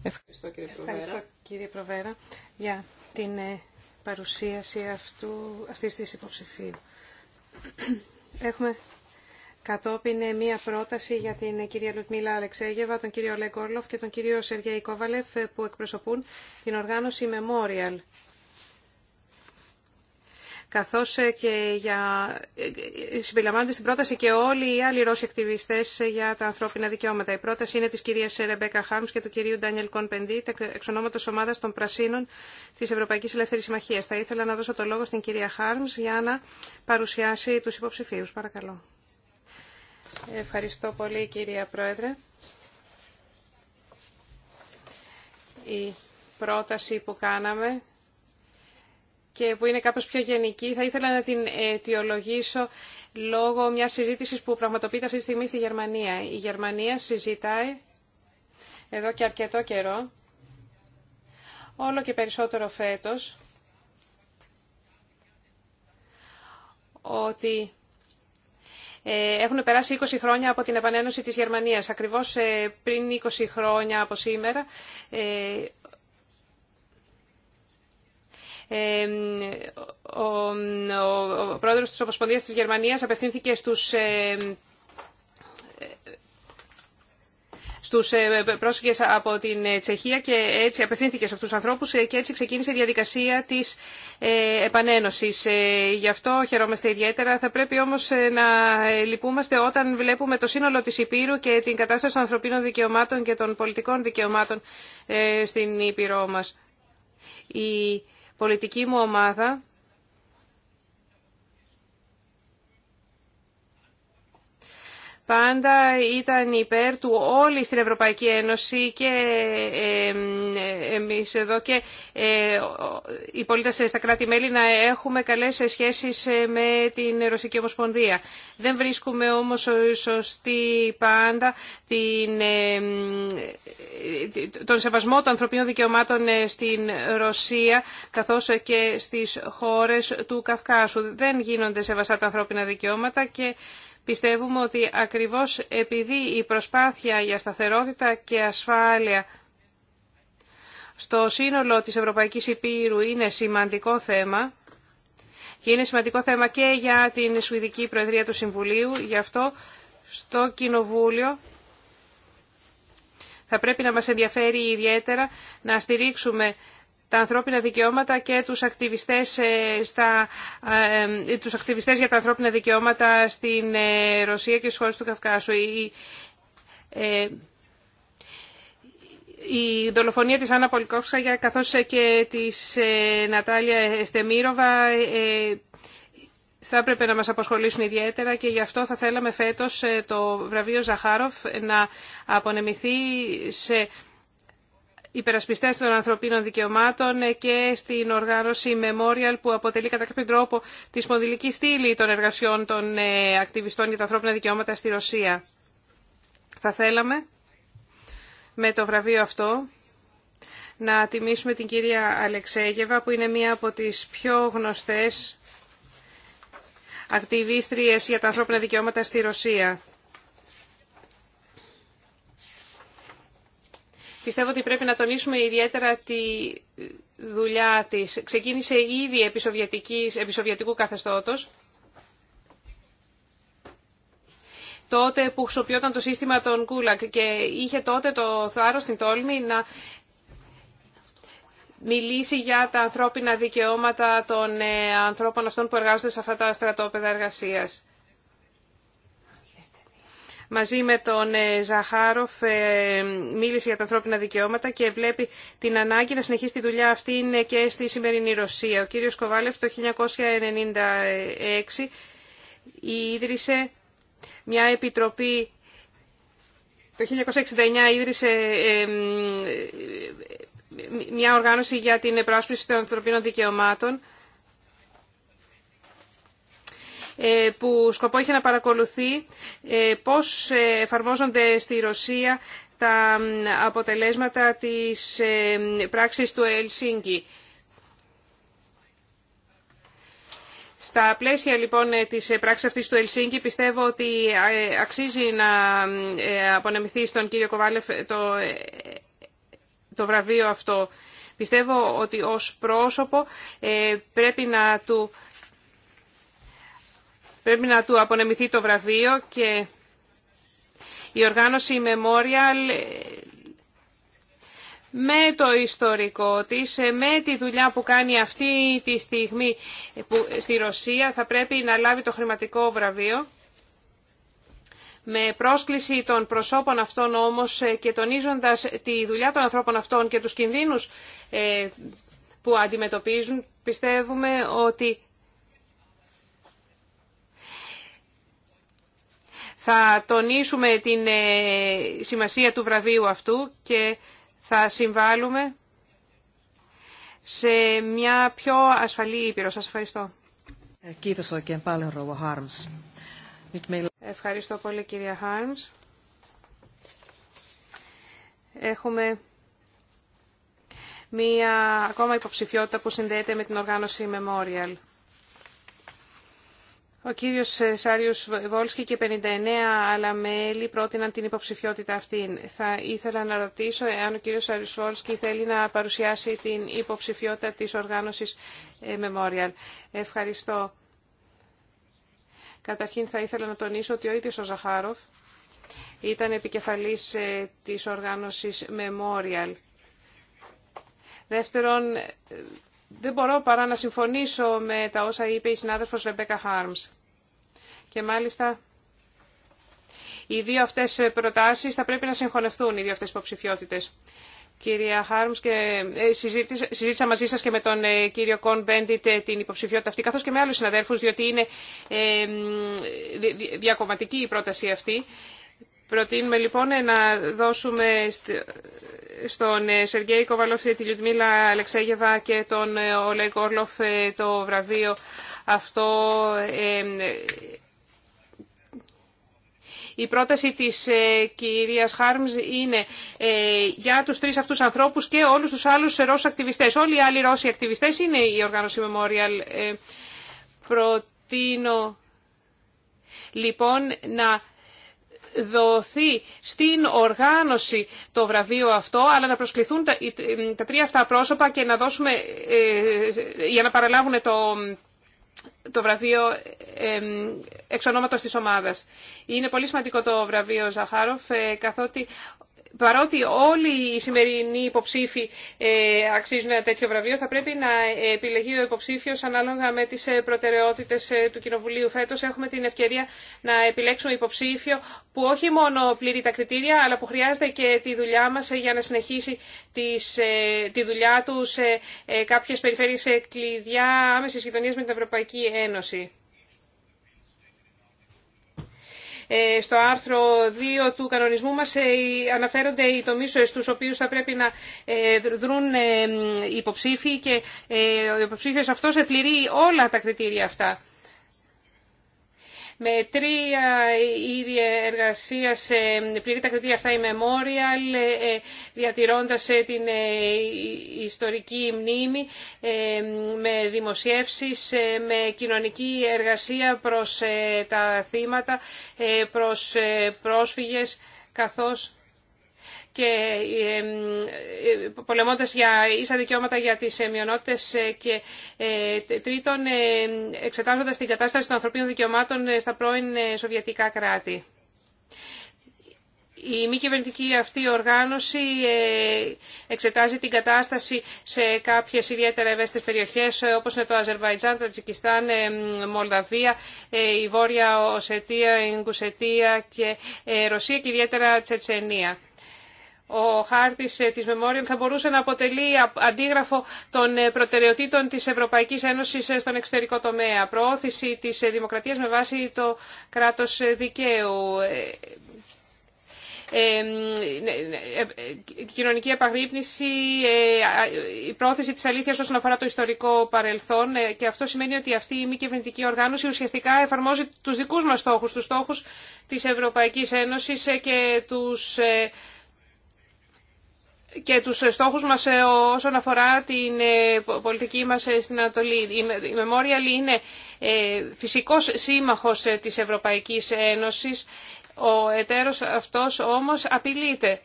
Ευχαριστώ κύριε Προβέρα. Ευχαριστώ κύριε Προβέρα για την ε, παρουσίαση αυτού, αυτής της υποψηφίου. Έχουμε κατόπιν ε, μία πρόταση για την ε, κυρία Λουτμίλα Αλεξέγεβα, τον κύριο Λέγκορλοφ και τον κύριο Σεργέη Κόβαλεφ που εκπροσωπούν την οργάνωση Memorial καθώς ε, και για... Ε, συμπεριλαμβάνονται στην πρόταση και όλοι οι άλλοι Ρώσοι ακτιβιστές ε, για τα ανθρώπινα δικαιώματα. Η πρόταση είναι της κυρίας Ρεμπέκα Χάρμς και του κυρίου Ντάνιελ Πεντή, εξ ονόματος ομάδας των Πρασίνων της Ευρωπαϊκής Ελεύθερη Συμμαχίας. Θα ήθελα να δώσω το λόγο στην κυρία Χάρμς για να παρουσιάσει τους υποψηφίους. Παρακαλώ. Ευχαριστώ πολύ κυρία Πρόεδρε. Η πρόταση που κάναμε και που είναι κάπως πιο γενική, θα ήθελα να την αιτιολογήσω λόγω μιας συζήτησης που πραγματοποιείται αυτή τη στιγμή στη Γερμανία. Η Γερμανία συζητάει εδώ και αρκετό καιρό, όλο και περισσότερο φέτος, ότι ε, έχουν περάσει 20 χρόνια από την επανένωση της Γερμανίας. Ακριβώς ε, πριν 20 χρόνια από σήμερα, ε, ο πρόεδρος της Ομοσπονδίας της Γερμανίας απευθύνθηκε στους στους ε, πρόσφυγες από την ε, Τσεχία και έτσι απευθύνθηκε σε αυτού του ανθρώπους ε, και έτσι ξεκίνησε η διαδικασία της Επανένωση. Γι' αυτό χαιρόμαστε ιδιαίτερα. Θα πρέπει όμως να λυπούμαστε όταν βλέπουμε το σύνολο της Υπήρου και την κατάσταση των ανθρωπίνων δικαιωμάτων και των πολιτικών δικαιωμάτων στην Υπηρώ μα πολιτική μου ομάδα πάντα ήταν υπέρ του όλοι στην Ευρωπαϊκή Ένωση και εμείς εδώ και ε, οι πολίτες στα κράτη-μέλη να έχουμε καλές σχέσεις ε, με την Ρωσική Ομοσπονδία. Δεν βρίσκουμε όμως σωστή πάντα την, τον σεβασμό των ανθρωπίνων δικαιωμάτων ε, στην Ρωσία καθώς και στις χώρες του Καυκάσου. Δεν γίνονται σεβαστά τα ανθρώπινα δικαιώματα και Πιστεύουμε ότι ακριβώς επειδή η προσπάθεια για σταθερότητα και ασφάλεια στο σύνολο της Ευρωπαϊκής Υπήρου είναι σημαντικό θέμα και είναι σημαντικό θέμα και για την Σουηδική Προεδρία του Συμβουλίου, γι' αυτό στο Κοινοβούλιο θα πρέπει να μας ενδιαφέρει ιδιαίτερα να στηρίξουμε τα ανθρώπινα δικαιώματα και τους ακτιβιστές, ε, στα, ε, ε, τους ακτιβιστές για τα ανθρώπινα δικαιώματα στην Ρωσία και στις χώρες του Καυκάσου. Η, η δολοφονία της Άννα Πολικόφσκα καθώς και της Νατάλια Στεμίροβα, θα έπρεπε να μας αποσχολήσουν ιδιαίτερα και γι' αυτό θα θέλαμε φέτος το βραβείο Ζαχάροφ να απονεμηθεί σε υπερασπιστέ των ανθρωπίνων δικαιωμάτων ε, και στην οργάνωση Memorial που αποτελεί κατά κάποιο τρόπο τη σπονδυλική στήλη των εργασιών των ε, ακτιβιστών για τα ανθρώπινα δικαιώματα στη Ρωσία. Θα θέλαμε με το βραβείο αυτό να τιμήσουμε την κυρία Αλεξέγεβα που είναι μία από τις πιο γνωστές ακτιβίστριες για τα ανθρώπινα δικαιώματα στη Ρωσία. Πιστεύω ότι πρέπει να τονίσουμε ιδιαίτερα τη δουλειά της. Ξεκίνησε ήδη επί σοβιετικού καθεστώτος, τότε που χρησιμοποιόταν το σύστημα των Κούλακ και είχε τότε το θάρρος στην τόλμη να μιλήσει για τα ανθρώπινα δικαιώματα των ε, ανθρώπων αυτών που εργάζονται σε αυτά τα στρατόπεδα εργασίας μαζί με τον ε, Ζαχάροφ ε, μίλησε για τα ανθρώπινα δικαιώματα και βλέπει την ανάγκη να συνεχίσει τη δουλειά αυτή ε, και στη σημερινή Ρωσία. Ο κύριος Κοβάλεφ το 1996 ίδρυσε μια επιτροπή το 1969 ίδρυσε μια οργάνωση για την πρόσπιση των ανθρωπίνων δικαιωμάτων ε, που σκοπό είχε να παρακολουθεί ε, πώς ε, εφαρμόζονται στη Ρωσία τα αποτελέσματα της πράξης του Ελσίνκη. Στα πλαίσια λοιπόν της πράξης αυτής του Ελσίνκη πιστεύω ότι αξίζει να απονεμηθεί στον κύριο Κοβάλεφ το, το βραβείο αυτό. Πιστεύω ότι ως πρόσωπο πρέπει να του Πρέπει να του απονεμηθεί το βραβείο και η οργάνωση Memorial με το ιστορικό της, με τη δουλειά που κάνει αυτή τη στιγμή που στη Ρωσία θα πρέπει να λάβει το χρηματικό βραβείο. Με πρόσκληση των προσώπων αυτών όμως και τονίζοντας τη δουλειά των ανθρώπων αυτών και τους κινδύνους ε, που αντιμετωπίζουν, πιστεύουμε ότι Θα τονίσουμε την ε, σημασία του βραβείου αυτού και θα συμβάλλουμε σε μια πιο ασφαλή ήπειρο. Σας ευχαριστώ. Ε, ευχαριστώ πολύ κυρία Χάρμς. Έχουμε μία ακόμα υποψηφιότητα που συνδέεται με την οργάνωση Memorial. Ο κύριος ε, Σάριος Βόλσκι και 59 άλλα μέλη πρότειναν την υποψηφιότητα αυτήν. Θα ήθελα να ρωτήσω εάν ο κύριος Σάριος Βόλσκι θέλει να παρουσιάσει την υποψηφιότητα της οργάνωσης ε, Memorial. Ευχαριστώ. Καταρχήν θα ήθελα να τονίσω ότι ο ίδιος ο Ζαχάροφ ήταν επικεφαλής ε, της οργάνωσης Memorial. Δεύτερον, δεν μπορώ παρά να συμφωνήσω με τα όσα είπε η συνάδελφος Ρεμπέκα Χάρμς. Και μάλιστα οι δύο αυτές προτάσεις θα πρέπει να συγχωνευτούν, οι δύο αυτές υποψηφιότητε. Κυρία Χάρμς, και ε, συζήτησα, μαζί σας και με τον ε, κύριο Κον Μπέντιτ ε, την υποψηφιότητα αυτή, καθώς και με άλλους συναδέρφους, διότι είναι ε, διακομματική η πρόταση αυτή. Προτείνουμε λοιπόν να δώσουμε στον Σεργέη Κοβαλόφ, τη Λιουτμίλα Αλεξέγεβα και τον Ολέγκ Όρλοφ το βραβείο αυτό η πρόταση της ε, κυρίας Χάρμς είναι ε, για τους τρεις αυτούς ανθρώπους και όλους τους άλλους Ρώσους ακτιβιστές. Όλοι οι άλλοι Ρώσοι ακτιβιστές είναι η οργάνωση Memorial. Ε, προτείνω λοιπόν να δοθεί στην οργάνωση το βραβείο αυτό, αλλά να προσκληθούν τα, τα τρία αυτά πρόσωπα και να δώσουμε, για να παραλάβουν το, το βραβείο εξ ονόματος της ομάδας. Είναι πολύ σημαντικό το βραβείο Ζαχάροφ, ε, καθότι Παρότι όλοι οι σημερινοί υποψήφοι ε, αξίζουν ένα τέτοιο βραβείο, θα πρέπει να επιλεγεί ο υποψήφιο ανάλογα με τι ε, προτεραιότητε ε, του Κοινοβουλίου. Φέτο έχουμε την ευκαιρία να επιλέξουμε υποψήφιο που όχι μόνο πλήρει τα κριτήρια, αλλά που χρειάζεται και τη δουλειά μα για να συνεχίσει τις, τη δουλειά του σε κάποιε περιφέρειε κλειδιά άμεση γειτονία με την Ευρωπαϊκή Ένωση. Ε, στο άρθρο 2 του κανονισμού μας ε, αναφέρονται οι τομείς στους οποίους θα πρέπει να ε, δρουν υποψήφοι και ο υποψήφιος αυτός επληρεί όλα τα κριτήρια αυτά με τρία είδη εργασία ε, πλήρη τα κριτήρια αυτά η Memorial, ε, ε, διατηρώντας την ιστορική μνήμη, με δημοσιεύσεις, με κοινωνική εργασία προς τα θύματα, προς πρόσφυγες, καθώς και ε, πολεμώντας για ίσα δικαιώματα για τις ε, μειονότητες ε, και τρίτον εξετάζοντας την κατάσταση των ανθρωπίνων δικαιωμάτων στα πρώην σοβιετικά κράτη. Η μη κυβερνητική αυτή οργάνωση εξετάζει την κατάσταση σε κάποιες ιδιαίτερα ευαίσθητες περιοχές όπως είναι το Αζερβαϊτζάν, το Τζικιστάν, Μολδαβία, η Βόρεια Οσετία, η Γκουσετία και Ρωσία και ιδιαίτερα Τσετσενία ο χάρτης ε, της Memorial θα μπορούσε να αποτελεί αντίγραφο των ε, προτεραιοτήτων της Ευρωπαϊκής Ένωσης ε, στον εξωτερικό τομέα. Προώθηση της δημοκρατίας με βάση το κράτος δικαίου. κοινωνική επαγρύπνηση, η πρόθεση της αλήθειας όσον αφορά το ιστορικό παρελθόν και αυτό σημαίνει ότι αυτή η μη κυβερνητική οργάνωση ουσιαστικά εφαρμόζει τους δικούς μας στόχους, τους στόχους της Ευρωπαϊκής Ένωσης και τους και τους στόχους μας ε, όσον αφορά την ε, πολιτική μας ε, στην Ανατολή. Η Memorial είναι φυσικός σύμμαχος της Ευρωπαϊκής Ένωσης. Ο εταίρος αυτός όμως απειλείται.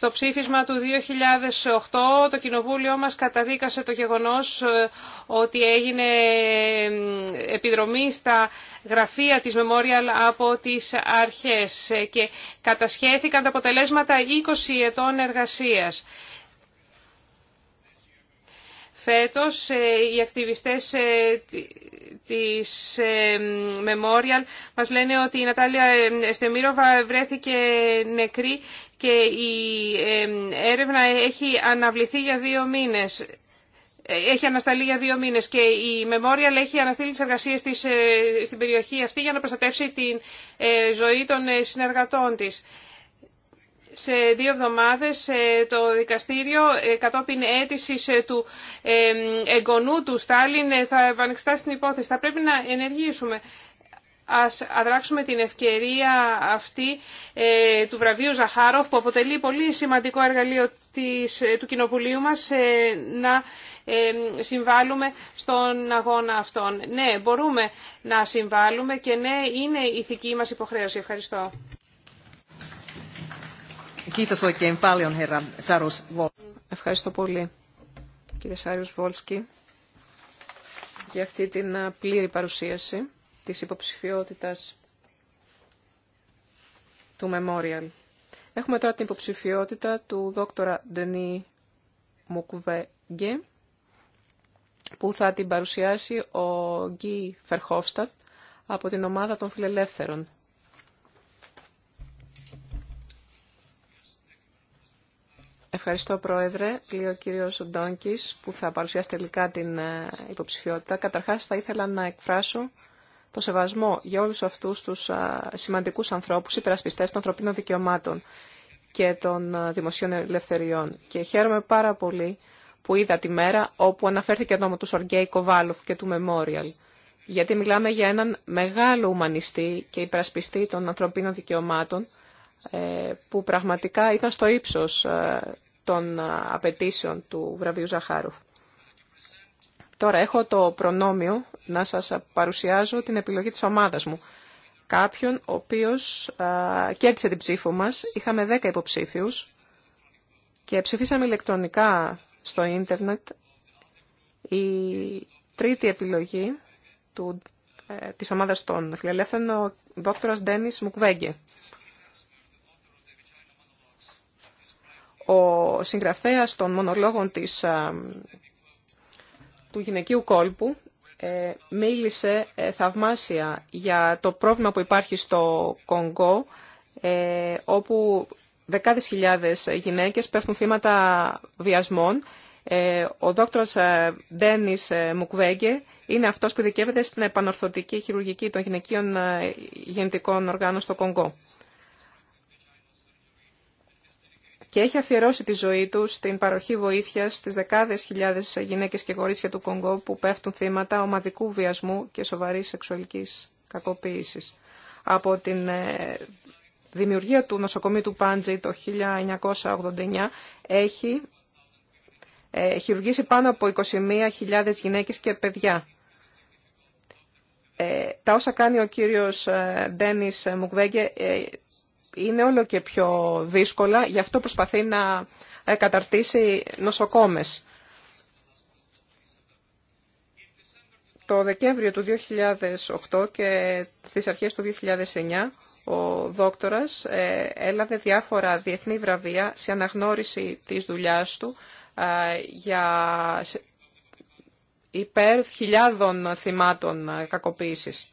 Στο ψήφισμα του 2008 το Κοινοβούλιο μας καταδίκασε το γεγονός ε, ότι έγινε ε, επιδρομή στα γραφεία της Memorial από τις αρχές ε, και κατασχέθηκαν τα αποτελέσματα 20 ετών εργασίας. Φέτος ε, οι ακτιβιστές ε, της ε, Memorial μας λένε ότι η Νατάλια Στεμίροβα βρέθηκε νεκρή και η έρευνα έχει αναβληθεί για δύο μήνες. Έχει ανασταλεί για δύο μήνες και η Memorial έχει αναστείλει τις εργασίες της στην περιοχή αυτή για να προστατεύσει τη ζωή των συνεργατών της σε δύο εβδομάδες ε, το δικαστήριο ε, κατόπιν αίτησης ε, του εγγονού του Στάλιν θα επανεξετάσει την υπόθεση. Θα πρέπει να ενεργήσουμε. Ας αδράξουμε την ευκαιρία αυτή του βραβείου Ζαχάροφ που αποτελεί πολύ σημαντικό εργαλείο της, του Κοινοβουλίου μας να συμβάλλουμε στον αγώνα αυτόν. Ναι, μπορούμε να συμβάλλουμε και ναι, είναι η ηθική μας υποχρέωση. Ευχαριστώ. Ευχαριστώ πολύ, κύριε Σάριος Βόλσκι, για αυτή την πλήρη παρουσίαση της υποψηφιότητας του Memorial. Έχουμε τώρα την υποψηφιότητα του δόκτωρα Ντενί Μουκουβέγγε, που θα την παρουσιάσει ο Γκί Φερχόφστατ από την ομάδα των φιλελεύθερων. Ευχαριστώ, Πρόεδρε. Λέει ο κύριος που θα παρουσιάσει τελικά την ε, υποψηφιότητα. Καταρχάς, θα ήθελα να εκφράσω το σεβασμό για όλους αυτούς τους σημαντικούς ανθρώπους, υπερασπιστές των ανθρωπίνων δικαιωμάτων και των δημοσίων ελευθεριών. Και χαίρομαι πάρα πολύ που είδα τη μέρα όπου αναφέρθηκε το όνομα του Σοργέη Κοβάλοφ και του Μεμόριαλ. Γιατί μιλάμε για έναν μεγάλο ουμανιστή και υπερασπιστή των ανθρωπίνων δικαιωμάτων ε, που πραγματικά ήταν στο ύψος ε, των ε, απαιτήσεων του βραβείου Ζαχάρου. Τώρα έχω το προνόμιο να σας παρουσιάζω την επιλογή της ομάδας μου. Κάποιον ο οποίος κέρδισε την ψήφο μας. Είχαμε 10 υποψήφιους και ψηφίσαμε ηλεκτρονικά στο ίντερνετ. Η τρίτη επιλογή του, της ομάδας των φιλελεύθερων, ο δόκτωρας Ντένις Μουκβέγγε. ο συγγραφέας των μονολόγων της, του γυναικείου κόλπου ε, μίλησε ε, θαυμάσια για το πρόβλημα που υπάρχει στο Κονγκό ε, όπου δεκάδες χιλιάδες γυναίκες πέφτουν θύματα βιασμών. Ο δόκτρος Ντένις Μουκβέγγε είναι αυτός που ειδικεύεται στην επανορθωτική χειρουργική των γυναικείων γεννητικών οργάνων στο Κονγκό και έχει αφιερώσει τη ζωή του στην παροχή βοήθειας στις δεκάδες χιλιάδες γυναίκες και κορίτσια του Κονγκό που πέφτουν θύματα ομαδικού βιασμού και σοβαρή σεξουαλική κακοποίησης. Από την ε, δημιουργία του νοσοκομείου του Πάντζη το 1989 έχει ε, χειρουργήσει πάνω από 21.000 γυναίκες και παιδιά. Ε, τα όσα κάνει ο κύριος Ντένις Μουκβέγγε είναι όλο και πιο δύσκολα, γι' αυτό προσπαθεί να ε, καταρτήσει νοσοκόμες. Το Δεκέμβριο του 2008 και στις αρχές του 2009 ο δόκτορας ε, έλαβε διάφορα διεθνή βραβεία σε αναγνώριση της δουλειάς του ε, για υπέρ χιλιάδων θυμάτων κακοποίησης.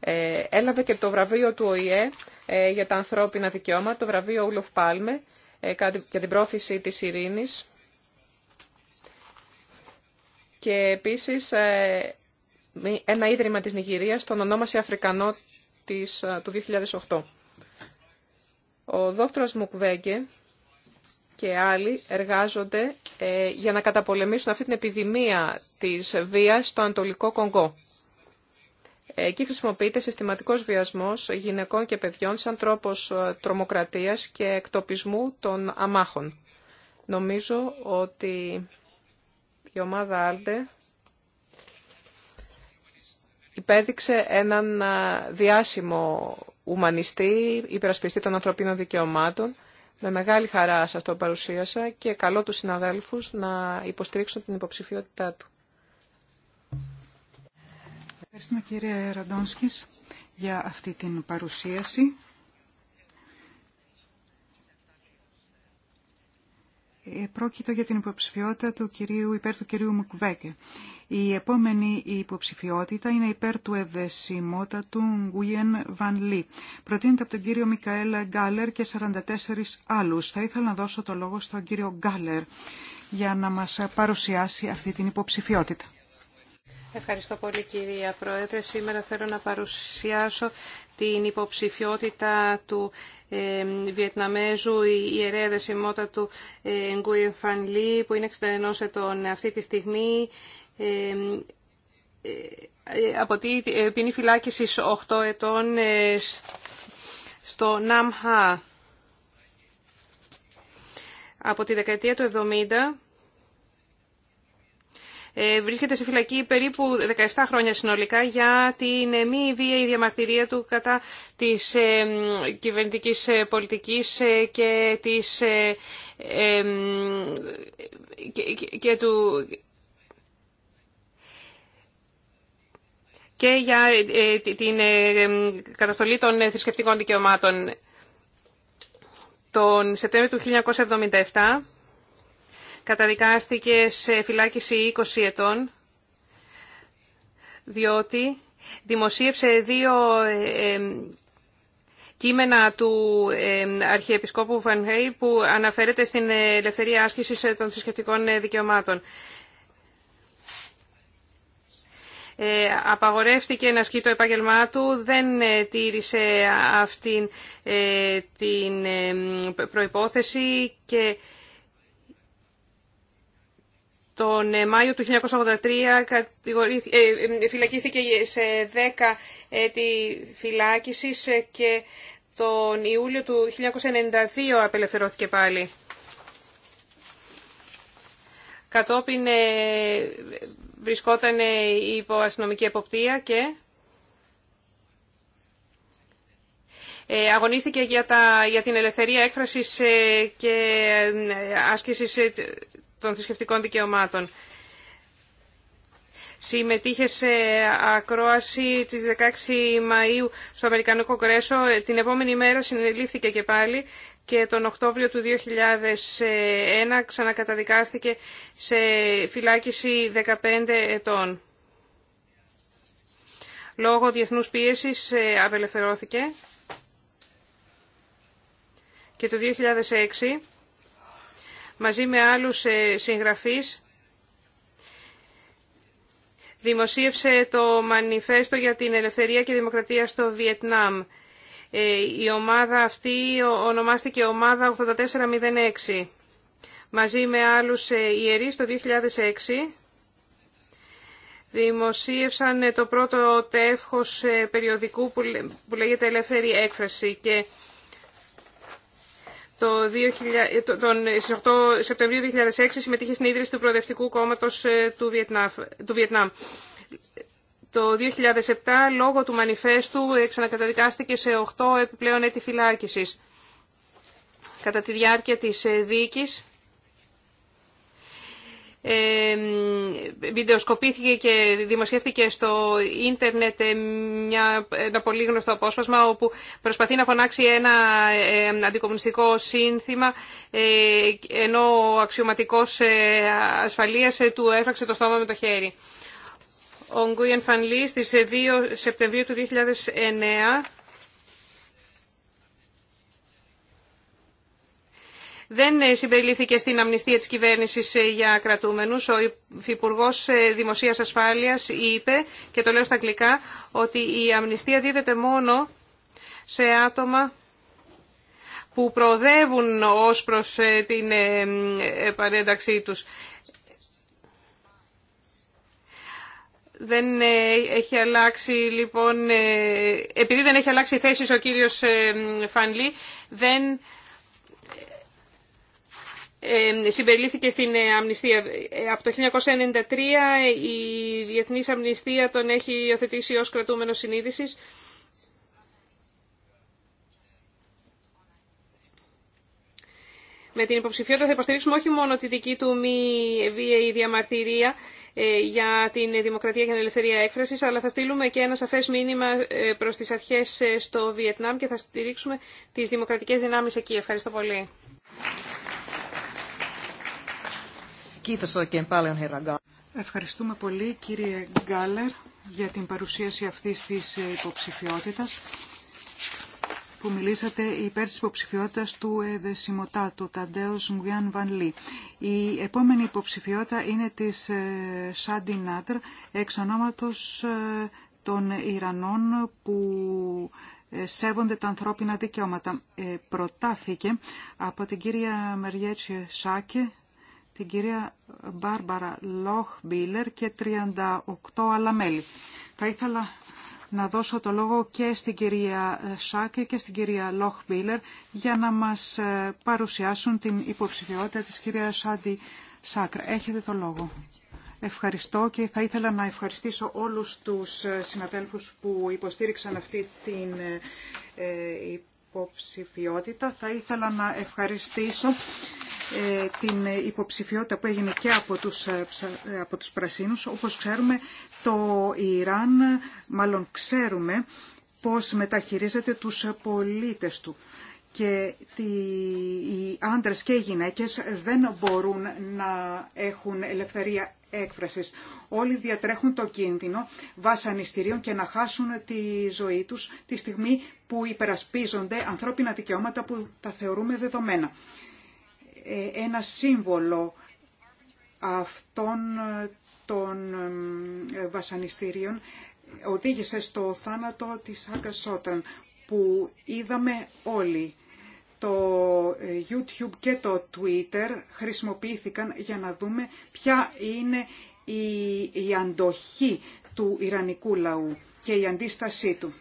Ε, έλαβε και το βραβείο του ΟΗΕ ε, για τα ανθρώπινα δικαιώματα, το βραβείο Ούλοφ Πάλμε ε, για την πρόθεση της ειρήνης. Και επίσης ένα ίδρυμα της Νιγηρίας τον ονόμασε Αφρικανό της, του 2008. Ο δόκτρος Μουκβέγκε και άλλοι εργάζονται για να καταπολεμήσουν αυτή την επιδημία της βίας στο Ανατολικό Κονγκό. Εκεί χρησιμοποιείται συστηματικός βιασμός γυναικών και παιδιών σαν τρόπος ε, τρομοκρατίας και εκτοπισμού των αμάχων. Νομίζω ότι η ομάδα Άλντε υπέδειξε έναν ε, διάσημο ουμανιστή, υπερασπιστή των ανθρωπίνων δικαιωμάτων. Με μεγάλη χαρά σας το παρουσίασα και καλώ τους συναδέλφους να υποστηρίξουν την υποψηφιότητά του. Ευχαριστούμε κύριε Ραντόνσκης για αυτή την παρουσίαση. Ε, Πρόκειται για την υποψηφιότητα του κυρίου, υπέρ του κυρίου Μουκβέκε. Η επόμενη υποψηφιότητα είναι υπέρ του ευαισιμότατου του Γκουιεν Βαν Λί. Προτείνεται από τον κύριο Μικαέλα Γκάλερ και 44 άλλους. Θα ήθελα να δώσω το λόγο στον κύριο Γκάλερ για να μας παρουσιάσει αυτή την υποψηφιότητα. Ευχαριστώ πολύ κυρία Πρόεδρε. Σήμερα θέλω να παρουσιάσω την υποψηφιότητα του ε, Βιετναμέζου ιερέα δεσιμότητα του ε, Γκουιν που είναι 61 ετών αυτή τη στιγμή. Ε, από τη ποινή φυλάκιση 8 ετών ε, στο Ναμχά. Από τη δεκαετία του 70 ε, βρίσκεται σε φυλακή περίπου 17 χρόνια συνολικά για την ε, μη η διαμαρτυρία του κατά της ε, κυβερνητικής πολιτικής και, της, και, του, και για την καταστολή των θρησκευτικών δικαιωμάτων. Τον Σεπτέμβριο του 1977 καταδικάστηκε σε φυλάκιση 20 ετών, διότι δημοσίευσε δύο ε, ε, κείμενα του ε, Αρχιεπισκόπου Βανχέη που αναφέρεται στην ελευθερία άσκησης των θρησκευτικών δικαιωμάτων. Απαγορεύτηκε να ασκεί το επάγγελμά του, δεν τήρησε αυτήν την προϋπόθεση και τον ε, Μάιο του 1983 ε, ε, φυλακίστηκε σε 10 έτη φυλάκισης και τον Ιούλιο του 1992 απελευθερώθηκε πάλι. Κατόπιν βρισκόταν υπό αστυνομική εποπτεία και αγωνίστηκε για, για την ελευθερία έκφρασης και άσκησης των θρησκευτικών δικαιωμάτων. Συμμετείχε σε ακρόαση της 16 Μαΐου στο Αμερικανικό Κογκρέσο. Την επόμενη μέρα συνελήφθηκε και πάλι και τον Οκτώβριο του 2001 ξανακαταδικάστηκε σε φυλάκιση 15 ετών. Λόγω διεθνούς πίεσης ε, απελευθερώθηκε και το 2006 μαζί με άλλους ε, συγγραφείς δημοσίευσε το Μανιφέστο για την Ελευθερία και Δημοκρατία στο Βιετνάμ. Ε, η ομάδα αυτή ονομάστηκε Ομάδα 8406. Μαζί με άλλους ε, ιερείς το 2006 δημοσίευσαν το πρώτο τεύχος περιοδικού που λέγεται Ελεύθερη Έκφραση και το 2000, τον, 8 Σεπτεμβρίου 2006 συμμετείχε στην ίδρυση του Προοδευτικού Κόμματος ε, του, του Βιετνάμ. Το 2007, λόγω του μανιφέστου, ξανακαταδικάστηκε σε 8 επιπλέον έτη φυλάκισης. Κατά τη διάρκεια της ε, δίκης, βιντεοσκοπήθηκε και δημοσιεύτηκε στο ίντερνετ ε, μια, ένα πολύ γνωστό απόσπασμα όπου προσπαθεί να φωνάξει ένα αντικομμουνιστικό σύνθημα ε, ενώ ο αξιωματικός ε, ασφαλείας του έφραξε το στόμα με το χέρι. Ο Γκούιεν Φανλή στις 2 Σεπτεμβρίου του 2009 δεν συμπεριλήφθηκε στην αμνηστία της κυβέρνησης ε, για κρατούμενους. Ο Υφυπουργό ε, Δημοσίας Ασφάλειας είπε, και το λέω στα αγγλικά, ότι η αμνηστία δίδεται μόνο σε άτομα που προοδεύουν ως προς ε, την παρένταξή τους. Δεν έχει αλλάξει, λοιπόν, επειδή δεν έχει αλλάξει θέση ο κύριος Φανλή, δεν συμπεριλήφθηκε στην ε, αμνηστία. Ε, από το 1993 η Διεθνής Αμνηστία τον έχει υιοθετήσει ως κρατούμενο συνείδησης. Με την υποψηφιότητα θα υποστηρίξουμε όχι μόνο τη δική του μη βίαιη διαμαρτυρία ε, για την δημοκρατία και την ελευθερία έκφρασης, αλλά θα στείλουμε και ένα σαφές μήνυμα προς τις αρχές στο Βιετνάμ και θα στηρίξουμε τις δημοκρατικές δυνάμεις εκεί. Ευχαριστώ πολύ. Ευχαριστούμε πολύ κύριε Γκάλερ για την παρουσίαση αυτής της ε, υποψηφιότητας που μιλήσατε υπέρ της υποψηφιότητας του Εδεσιμοτάτου, του Ταντέος Μουγιάν Βανλή. Η επόμενη υποψηφιότητα είναι της ε, Σάντι Νάτρ, εξ ονόματος ε, των Ιρανών που σέβονται τα ανθρώπινα δικαιώματα. Προτάθηκε από την κυρία Μεριέτσι Σάκε, την κυρία Μπάρμπαρα Λόχ Μπίλερ και 38 άλλα μέλη. Θα ήθελα να δώσω το λόγο και στην κυρία Σάκε και στην κυρία Λόχ Μπίλερ για να μας ε, παρουσιάσουν την υποψηφιότητα της κυρίας Σάντι Σάκρα. Έχετε το λόγο. Ευχαριστώ και θα ήθελα να ευχαριστήσω όλους τους ε, συναδέλφους που υποστήριξαν αυτή την ε, υποψηφιότητα. Θα ήθελα να ευχαριστήσω ε, την υποψηφιότητα που έγινε και από τους, ε, ε, από τους πρασίνους. Όπως ξέρουμε, το Ιράν, μάλλον ξέρουμε, πώς μεταχειρίζεται τους πολίτες του. Και οι άντρες και οι γυναίκες δεν μπορούν να έχουν ελευθερία έκφρασης. Όλοι διατρέχουν το κίνδυνο βασανιστήριων και να χάσουν τη ζωή τους τη στιγμή που υπερασπίζονται ανθρώπινα δικαιώματα που τα θεωρούμε δεδομένα. Ε, ένα σύμβολο αυτών ε, των ε, βασανιστήριων οδήγησε στο θάνατο της Άγκα που είδαμε όλοι. Το YouTube και το Twitter χρησιμοποιήθηκαν για να δούμε ποια είναι η, η αντοχή του Ιρανικού λαού και η αντίστασή του.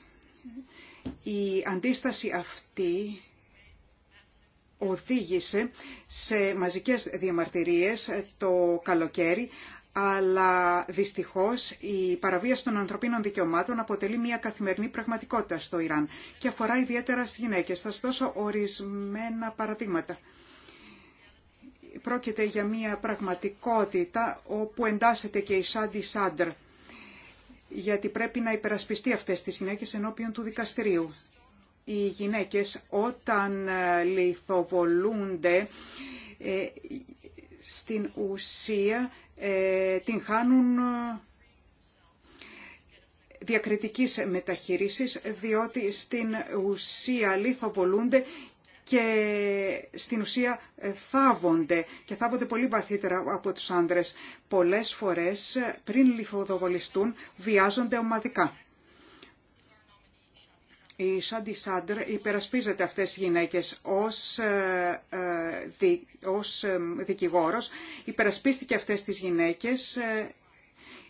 Η αντίσταση αυτή οδήγησε σε μαζικές διαμαρτυρίες το καλοκαίρι, αλλά δυστυχώς η παραβίαση των ανθρωπίνων δικαιωμάτων αποτελεί μια καθημερινή πραγματικότητα στο Ιράν και αφορά ιδιαίτερα στις γυναίκες. Θα σας δώσω ορισμένα παραδείγματα. Πρόκειται για μια πραγματικότητα όπου εντάσσεται και η Σάντι Σάντρ, γιατί πρέπει να υπερασπιστεί αυτές τις γυναίκες ενώπιον του δικαστηρίου οι γυναίκες όταν ε, λιθοβολούνται ε, στην ουσία ε, την χάνουν διακριτικής μεταχείρισης διότι στην ουσία λιθοβολούνται και στην ουσία θάβονται και θάβονται πολύ βαθύτερα από τους άντρες. Πολλές φορές πριν λιθοδοβολιστούν βιάζονται ομαδικά. Η Σάντι Σάντρ υπερασπίζεται αυτές τις γυναίκες ως, ε, ε δι, ως ε, δικηγόρος. Υπερασπίστηκε αυτές τις γυναίκες ε,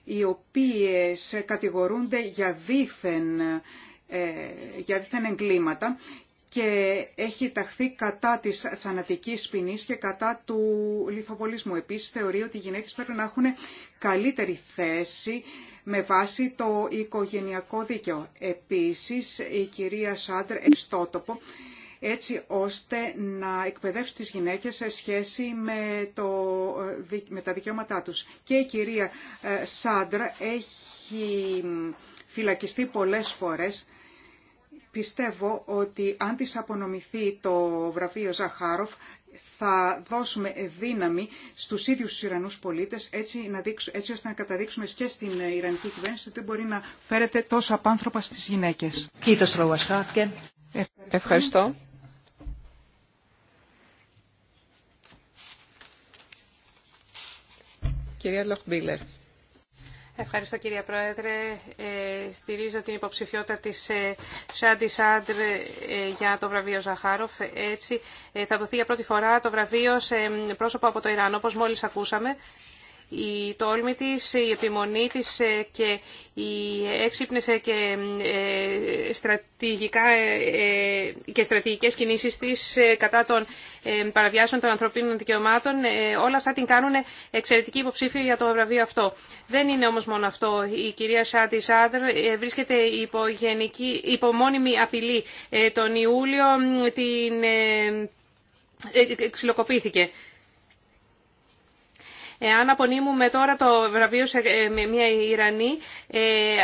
οι οποίες κατηγορούνται για δίθεν, ε, για δίθεν εγκλήματα και έχει ταχθεί κατά της θανατικής ποινή και κατά του λιθοβολισμού. Επίσης θεωρεί ότι οι γυναίκες πρέπει να έχουν καλύτερη θέση με βάση το οικογενειακό δίκαιο. Επίσης, η κυρία Σάντρ εξτότοπο έτσι ώστε να εκπαιδεύσει τις γυναίκες σε σχέση με, το, με τα δικαιώματά τους. Και η κυρία ε, Σάντρ έχει φυλακιστεί πολλές φορές. Πιστεύω ότι αν της απονομηθεί το βραβείο Ζαχάροφ θα δώσουμε δύναμη στους ίδιους τους Ιρανούς πολίτες έτσι, να έτσι ώστε να καταδείξουμε και στην ε, Ιρανική κυβέρνηση ότι δεν μπορεί να φέρεται τόσο απάνθρωπα στις γυναίκες. Ευχαριστώ. Κυρία Λοχμπίλερ. Ευχαριστώ κύριε Πρόεδρε. Ε, στηρίζω την υποψηφιότητα της ε, Σάντι Σάντρ ε, για το βραβείο Ζαχάροφ. Έτσι ε, θα δοθεί για πρώτη φορά το βραβείο σε ε, πρόσωπο από το Ιράν, όπως μόλις ακούσαμε η τόλμη της, η επιμονή της ε, και οι έξυπνες ε, και ε, στρατηγικά και στρατηγικές κινήσεις της κατά των παραβιάσεων των ανθρωπίνων δικαιωμάτων, όλα αυτά την κάνουν εξαιρετική υποψήφια για το βραβείο αυτό. Δεν είναι όμως μόνο αυτό. Η κυρία Σάτι Σάδρ βρίσκεται υπό, γενική, υπό μόνιμη απειλή. Τον Ιούλιο την ξυλοκοπήθηκε. Εάν απονείμουμε τώρα το βραβείο σε ε, μια Ιρανή, ε,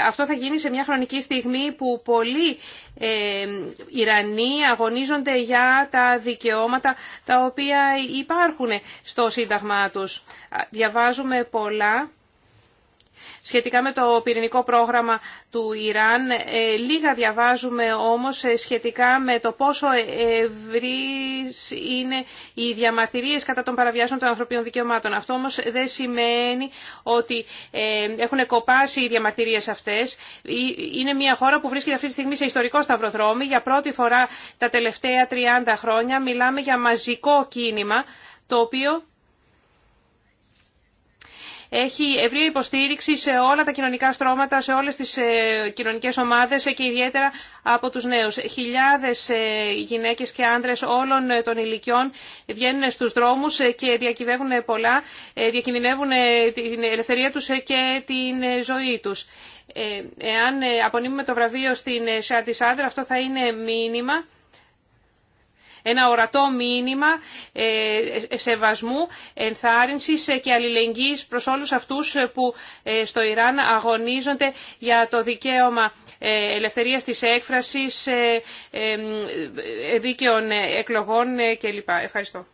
αυτό θα γίνει σε μια χρονική στιγμή που πολλοί ε, Ιρανοί αγωνίζονται για τα δικαιώματα τα οποία υπάρχουν στο Σύνταγμά τους. Διαβάζουμε πολλά σχετικά με το πυρηνικό πρόγραμμα του Ιράν. Ε, λίγα διαβάζουμε όμως ε, σχετικά με το πόσο ευρύς είναι οι διαμαρτυρίες κατά των παραβιάσεων των ανθρωπίνων δικαιωμάτων. Αυτό όμως δεν σημαίνει ότι ε, έχουν κοπάσει οι διαμαρτυρίες αυτές. Είναι μια χώρα που βρίσκεται αυτή τη στιγμή σε ιστορικό σταυροδρόμι. Για πρώτη φορά τα τελευταία 30 χρόνια μιλάμε για μαζικό κίνημα το οποίο έχει ευρία υποστήριξη σε όλα τα κοινωνικά στρώματα, σε όλες τις ε, κοινωνικές ομάδες και ιδιαίτερα από τους νέους. Χιλιάδες ε, γυναίκες και άνδρες όλων ε, των ηλικιών βγαίνουν στους δρόμους και διακυβεύουν πολλά, διακινδυνεύουν την ελευθερία τους και την ζωή τους. Εάν απονείμουμε το βραβείο στην Σάντις Άντρα, αυτό θα είναι μήνυμα ένα ορατό μήνυμα ε, σεβασμού, ενθάρρυνσης και αλληλεγγύης προς όλους αυτούς που ε, στο Ιράν αγωνίζονται για το δικαίωμα ε, ελευθερίας της έκφρασης, δίκαιων εκλογών κλπ. Ευχαριστώ.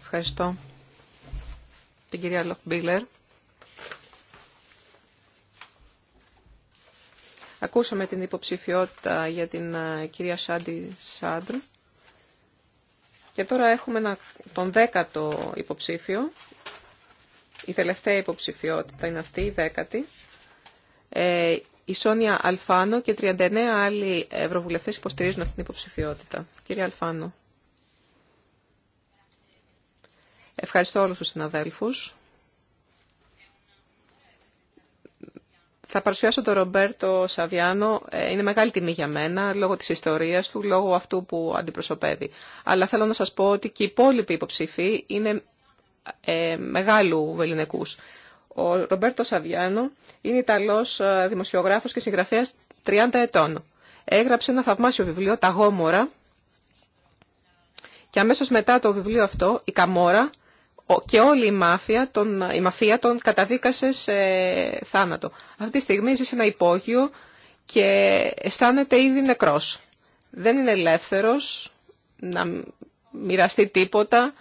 Ευχαριστώ. Την κυρία Λοχμπίλερ. Ακούσαμε την υποψηφιότητα για την ε, κυρία Σάντι Σάντρ. Και τώρα έχουμε τον δέκατο υποψήφιο. Η τελευταία υποψηφιότητα είναι αυτή, η δέκατη. Ε, η Σόνια Αλφάνο και 39 άλλοι ευρωβουλευτές υποστηρίζουν αυτή την υποψηφιότητα. Κύριε Αλφάνο. Ευχαριστώ όλους τους συναδέλφους Θα παρουσιάσω τον Ρομπέρτο Σαβιάνο. Ε, είναι μεγάλη τιμή για μένα, λόγω της ιστορίας του, λόγω αυτού που αντιπροσωπεύει. Αλλά θέλω να σας πω ότι και οι υπόλοιποι υποψηφοί είναι ε, μεγάλου βεληνικούς. Ο Ρομπέρτο Σαβιάνο είναι Ιταλός ε, δημοσιογράφος και συγγραφέας 30 ετών. Έγραψε ένα θαυμάσιο βιβλίο, «Τα Γόμορα». Και αμέσως μετά το βιβλίο αυτό, «Η Καμόρα», και όλη η μαφία τον, η καταδίκασε σε θάνατο. Αυτή τη στιγμή ζει σε ένα υπόγειο και αισθάνεται ήδη νεκρός. Δεν είναι ελεύθερος να μοιραστεί τίποτα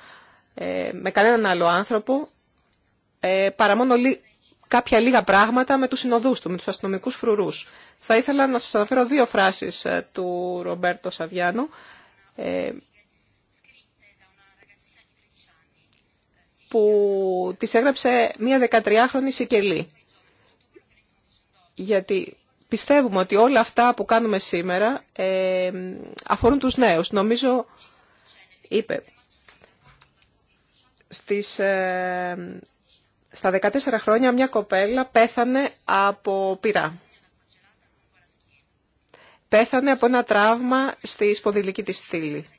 ε, με κανέναν άλλο άνθρωπο ε, παρά μόνο κάποια λίγα πράγματα με τους συνοδούς του, με τους αστυνομικούς φρουρούς. Θα ήθελα να σας αναφέρω δύο φράσεις ε, του Ρομπέρτο Σαβιάνου που τις έγραψε μία 13χρονη Σικελή. Γιατί πιστεύουμε ότι όλα αυτά που κάνουμε σήμερα ε, αφορούν τους νέους. Νομίζω, είπε, στις, ε, στα 14 χρόνια μια κοπέλα πέθανε από πυρά. Πέθανε από ένα τραύμα στη σποδηλική της στήλη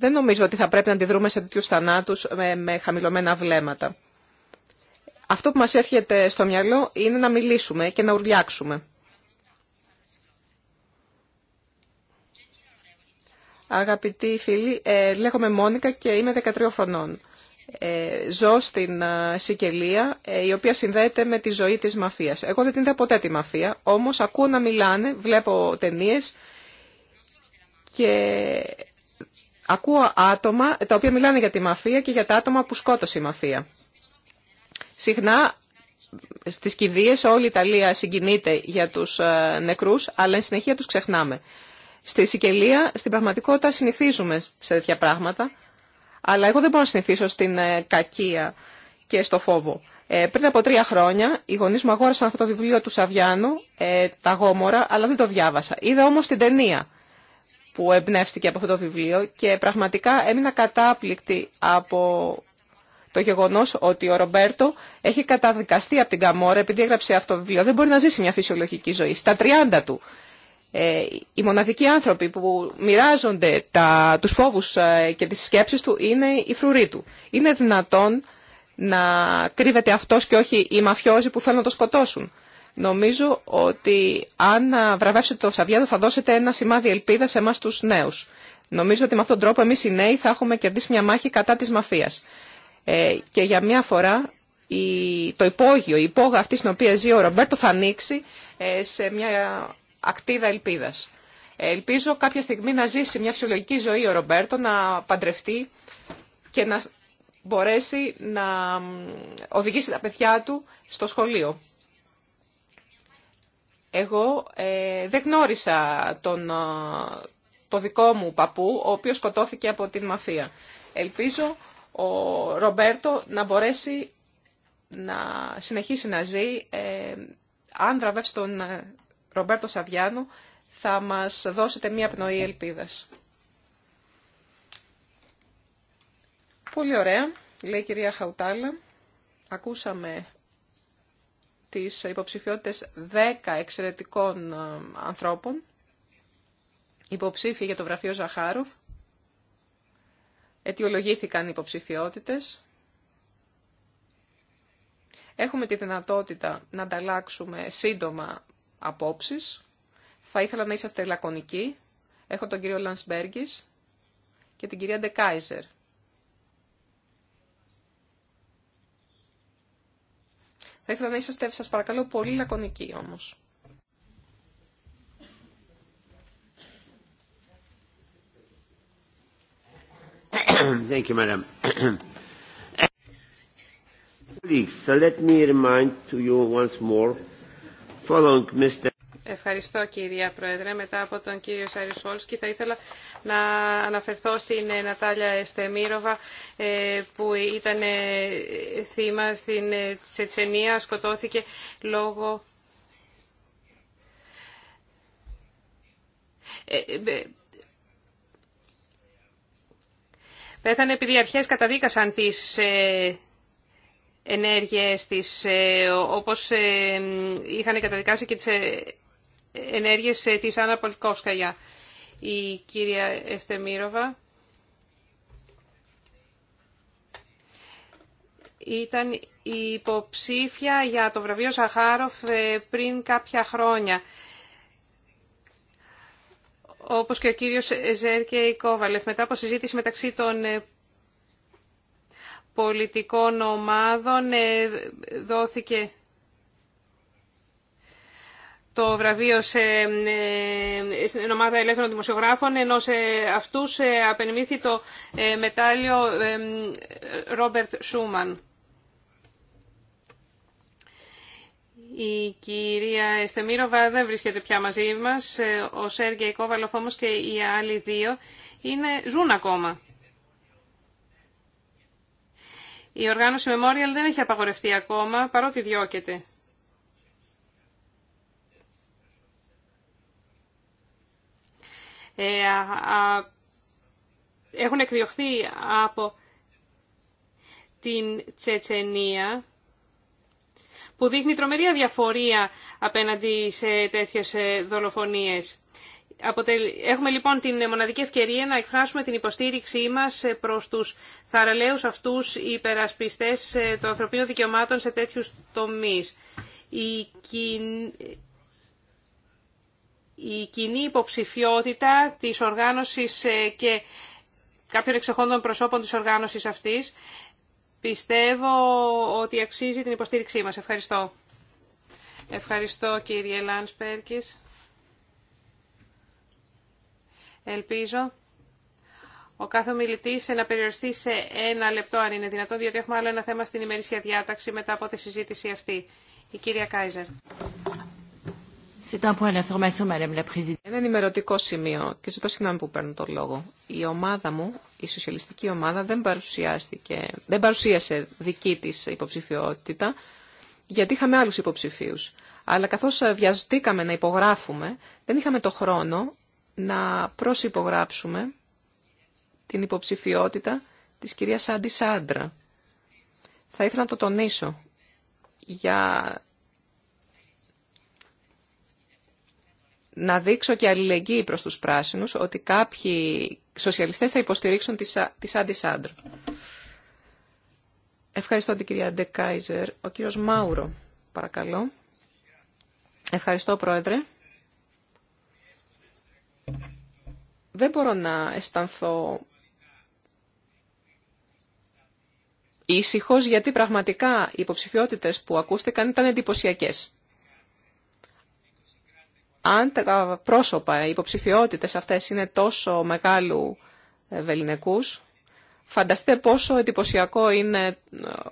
δεν νομίζω ότι θα πρέπει να αντιδρούμε σε τέτοιου θανάτου με, με χαμηλωμένα βλέμματα. Αυτό που μας έρχεται στο μυαλό είναι να μιλήσουμε και να ουρλιάξουμε. Αγαπητοί φίλοι, ε, λέγομαι Μόνικα και είμαι 13 χρονών. Ε, ζω στην ε, Σικελία, ε, η οποία συνδέεται με τη ζωή της μαφίας. Εγώ δεν την είδα ποτέ τη μαφία, όμως ακούω να μιλάνε, βλέπω ταινίες και Ακούω άτομα τα οποία μιλάνε για τη μαφία και για τα άτομα που σκότωσε η μαφία. Συχνά στις κηδείες όλη η Ιταλία συγκινείται για τους ε, νεκρούς, αλλά εν συνεχεία τους ξεχνάμε. Στη Σικελία, στην πραγματικότητα, συνηθίζουμε σε τέτοια πράγματα, αλλά εγώ δεν μπορώ να συνηθίσω στην ε, κακία και στο φόβο. Ε, πριν από τρία χρόνια, οι γονεί μου αγόρασαν αυτό το βιβλίο του Σαβιάνου, Τα Γόμορα, αλλά δεν το διάβασα. Είδα όμω την ταινία που εμπνεύστηκε από αυτό το βιβλίο και πραγματικά έμεινα κατάπληκτη από το γεγονό ότι ο Ρομπέρτο έχει καταδικαστεί από την Καμόρα επειδή έγραψε αυτό το βιβλίο. Δεν μπορεί να ζήσει μια φυσιολογική ζωή. Στα 30 του. Ε, οι μοναδικοί άνθρωποι που μοιράζονται τα, τους φόβους ε, και τις σκέψεις του είναι οι φρουροί του. Είναι δυνατόν να κρύβεται αυτός και όχι οι μαφιόζοι που θέλουν να το σκοτώσουν. Νομίζω ότι αν βραβεύσετε το Σαββιάδο θα δώσετε ένα σημάδι ελπίδα σε εμά τους νέους. Νομίζω ότι με αυτόν τον τρόπο εμείς οι νέοι θα έχουμε κερδίσει μια μάχη κατά της μαφίας. Ε, και για μια φορά το υπόγειο, η υπόγα αυτή στην οποία ζει ο Ρομπέρτο θα ανοίξει ε, σε μια ακτίδα ελπίδας. Ε, ελπίζω κάποια στιγμή να ζήσει μια φυσιολογική ζωή ο Ρομπέρτο, να παντρευτεί και να μπορέσει να οδηγήσει τα παιδιά του στο σχολείο. Εγώ ε, δεν γνώρισα τον, ε, το δικό μου παππού, ο οποίος σκοτώθηκε από την μαφία. Ελπίζω ο Ρομπέρτο να μπορέσει να συνεχίσει να ζει. Ε, αν βραβεύσει τον ε, Ρομπέρτο Σαβιάνο, θα μας δώσετε μία πνοή ελπίδας. Πολύ ωραία, λέει η κυρία Χαουτάλα. Ακούσαμε τις υποψηφιότητες 10 εξαιρετικών ε, ανθρώπων, υποψήφιοι για το βραφείο Ζαχάροφ, αιτιολογήθηκαν οι υποψηφιότητες. Έχουμε τη δυνατότητα να ανταλλάξουμε σύντομα απόψεις. Θα ήθελα να είσαστε λακωνικοί. Έχω τον κύριο Λανσμπέργκης και την κυρία Ντεκάιζερ. Μέχρι να είσαστε, σας παρακαλώ, πολύ λακωνικοί όμως. Thank you, madam. Colleagues, so let me remind to you once more, following Mr. Ευχαριστώ κυρία Πρόεδρε. Μετά από τον κύριο Σάρι θα ήθελα να αναφερθώ στην ε, Νατάλια Εστεμίροβα ε, που ήταν ε, θύμα στην Τσετσενία, σκοτώθηκε λόγω... Πέθανε επειδή οι αρχές καταδίκασαν τις ενέργειες της, όπως είχαν καταδικάσει και τις ενέργειες ε, της Άννα για Η κυρία Εστεμίροβα ήταν η υποψήφια για το βραβείο Ζαχάροφ ε, πριν κάποια χρόνια. Όπως και ο κύριος Ζέρκε Κόβαλεφ. Μετά από συζήτηση μεταξύ των ε, πολιτικών ομάδων δόθηκε το βραβείο σε, ε, στην ομάδα ελεύθερων δημοσιογράφων, ενώ σε αυτούς ε, απενημήθη το ε, μετάλλιο Ρόμπερτ Σούμαν. Η κυρία Εστεμίροβα δεν βρίσκεται πια μαζί μας, ο Σέργεϊ Κόβαλοφ όμως και οι άλλοι δύο είναι, ζουν ακόμα. Η οργάνωση Memorial δεν έχει απαγορευτεί ακόμα, παρότι διώκεται. Ε, έχουν εκδιωχθεί από την Τσετσενία που δείχνει τρομερή διαφορία απέναντι σε τέτοιες ε, δολοφονίες. Έχουμε λοιπόν την μοναδική ευκαιρία να εκφράσουμε την υποστήριξή μας ε, προς τους θαραλέους αυτούς υπερασπιστές των ανθρωπίνων δικαιωμάτων σε τέτοιους τομείς. Η, η κοινή υποψηφιότητα της οργάνωσης ε, και κάποιων εξεχόντων προσώπων της οργάνωσης αυτής. Πιστεύω ότι αξίζει την υποστήριξή μας. Ευχαριστώ. Ευχαριστώ κύριε Λάνσπερκης. Ελπίζω ο κάθε μιλητή να περιοριστεί σε ένα λεπτό αν είναι δυνατόν, διότι έχουμε άλλο ένα θέμα στην ημερήσια διάταξη μετά από τη συζήτηση αυτή. Η κυρία Κάιζερ. Ένα ενημερωτικό σημείο και ζητώ συγγνώμη που παίρνω τον λόγο. Η ομάδα μου, η σοσιαλιστική ομάδα, δεν, παρουσιάστηκε, δεν παρουσίασε δική της υποψηφιότητα γιατί είχαμε άλλους υποψηφίους. Αλλά καθώς βιαστήκαμε να υπογράφουμε, δεν είχαμε το χρόνο να προσυπογράψουμε την υποψηφιότητα της κυρίας Άντι Σάντρα. Θα ήθελα να το τονίσω για να δείξω και αλληλεγγύη προς τους πράσινους ότι κάποιοι σοσιαλιστές θα υποστηρίξουν τις αντισάντρ. Ευχαριστώ την κυρία Ντεκάιζερ. Ο κύριος Μάουρο, παρακαλώ. Ευχαριστώ, Πρόεδρε. Δεν μπορώ να αισθανθώ ήσυχος, γιατί πραγματικά οι υποψηφιότητες που ακούστηκαν ήταν εντυπωσιακές αν τα πρόσωπα, οι υποψηφιότητες αυτές είναι τόσο μεγάλου βεληνικούς, φανταστείτε πόσο εντυπωσιακό είναι,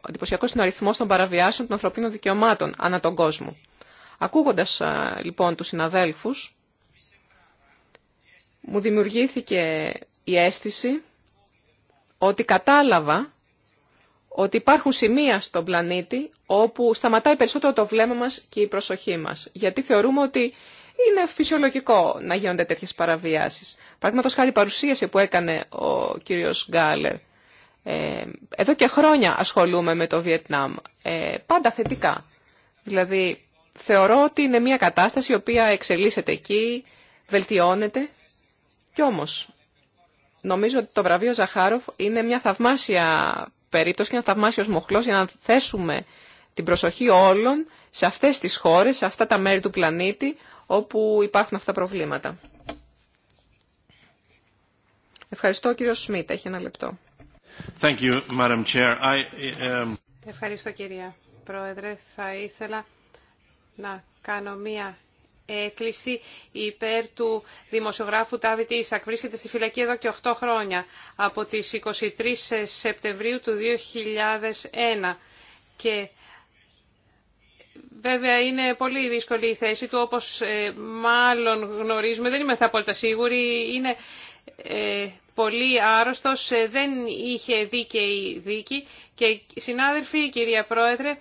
εντυπωσιακός είναι ο αριθμός των παραβιάσεων των ανθρωπίνων δικαιωμάτων ανά τον κόσμο. Ακούγοντας ε, λοιπόν τους συναδέλφους, μου δημιουργήθηκε η αίσθηση ότι κατάλαβα ότι υπάρχουν σημεία στον πλανήτη όπου σταματάει περισσότερο το βλέμμα μας και η προσοχή μας. Γιατί θεωρούμε ότι είναι φυσιολογικό να γίνονται τέτοιες παραβιάσεις. Παραδείγματος χάρη παρουσίαση που έκανε ο κύριος Γκάλερ. Ε, εδώ και χρόνια ασχολούμαι με το Βιετνάμ. Ε, πάντα θετικά. Δηλαδή θεωρώ ότι είναι μια κατάσταση η οποία εξελίσσεται εκεί, βελτιώνεται. Κι όμως νομίζω ότι το βραβείο Ζαχάροφ είναι μια θαυμάσια περίπτωση και ένα θαυμάσιο μοχλός για να θέσουμε την προσοχή όλων σε αυτές τις χώρες, σε αυτά τα μέρη του πλανήτη, όπου υπάρχουν αυτά τα προβλήματα. Ευχαριστώ, κύριο Σμίτ. Έχει ένα λεπτό. you, I, um, Ευχαριστώ, κυρία Πρόεδρε. Θα ήθελα να κάνω μία έκκληση υπέρ του δημοσιογράφου Τάβιτ Ισακ. Βρίσκεται στη φυλακή εδώ και 8 χρόνια, από τις 23 Σεπτεμβρίου του 2001. Και Βέβαια είναι πολύ δύσκολη η θέση του, όπως ε, μάλλον γνωρίζουμε, δεν είμαστε απόλυτα σίγουροι. Είναι ε, πολύ άρρωστος, ε, δεν είχε δίκαιη δίκη και συνάδελφοι, κυρία Πρόεδρε,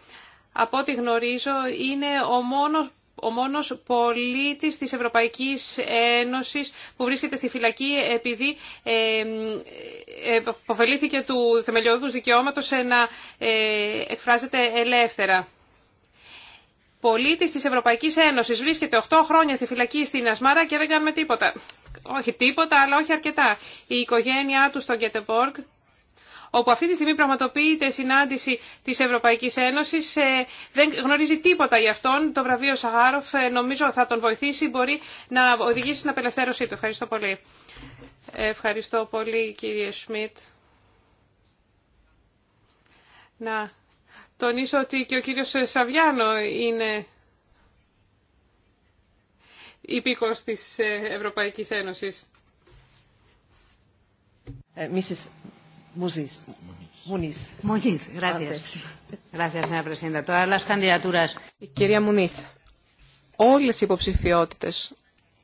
από ό,τι γνωρίζω είναι ο μόνος ο μόνος πολίτης της Ευρωπαϊκής Ένωσης που βρίσκεται στη φυλακή επειδή ε, του θεμελιώδους δικαιώματος να εκφράζεται ελεύθερα. Πολίτη τη Ευρωπαϊκή Ένωση βρίσκεται 8 χρόνια στη φυλακή στην Ασμάρα και δεν κάνουμε τίποτα. Όχι τίποτα, αλλά όχι αρκετά. Η οικογένειά του στο Γκέτεμποργκ, όπου αυτή τη στιγμή πραγματοποιείται συνάντηση της Ευρωπαϊκής Ένωσης, ε, δεν γνωρίζει τίποτα γι' αυτόν. Το βραβείο Σαγάροφ ε, νομίζω θα τον βοηθήσει, μπορεί να οδηγήσει στην απελευθέρωσή του. Ευχαριστώ πολύ. Ευχαριστώ πολύ κύριε Σμιτ. Να τονίσω ότι και ο κύριος Σαβιάνο είναι υπήκος της Ευρωπαϊκής Ένωσης. Ε, Μισής Κυρία Μουνίθ, όλες οι υποψηφιότητες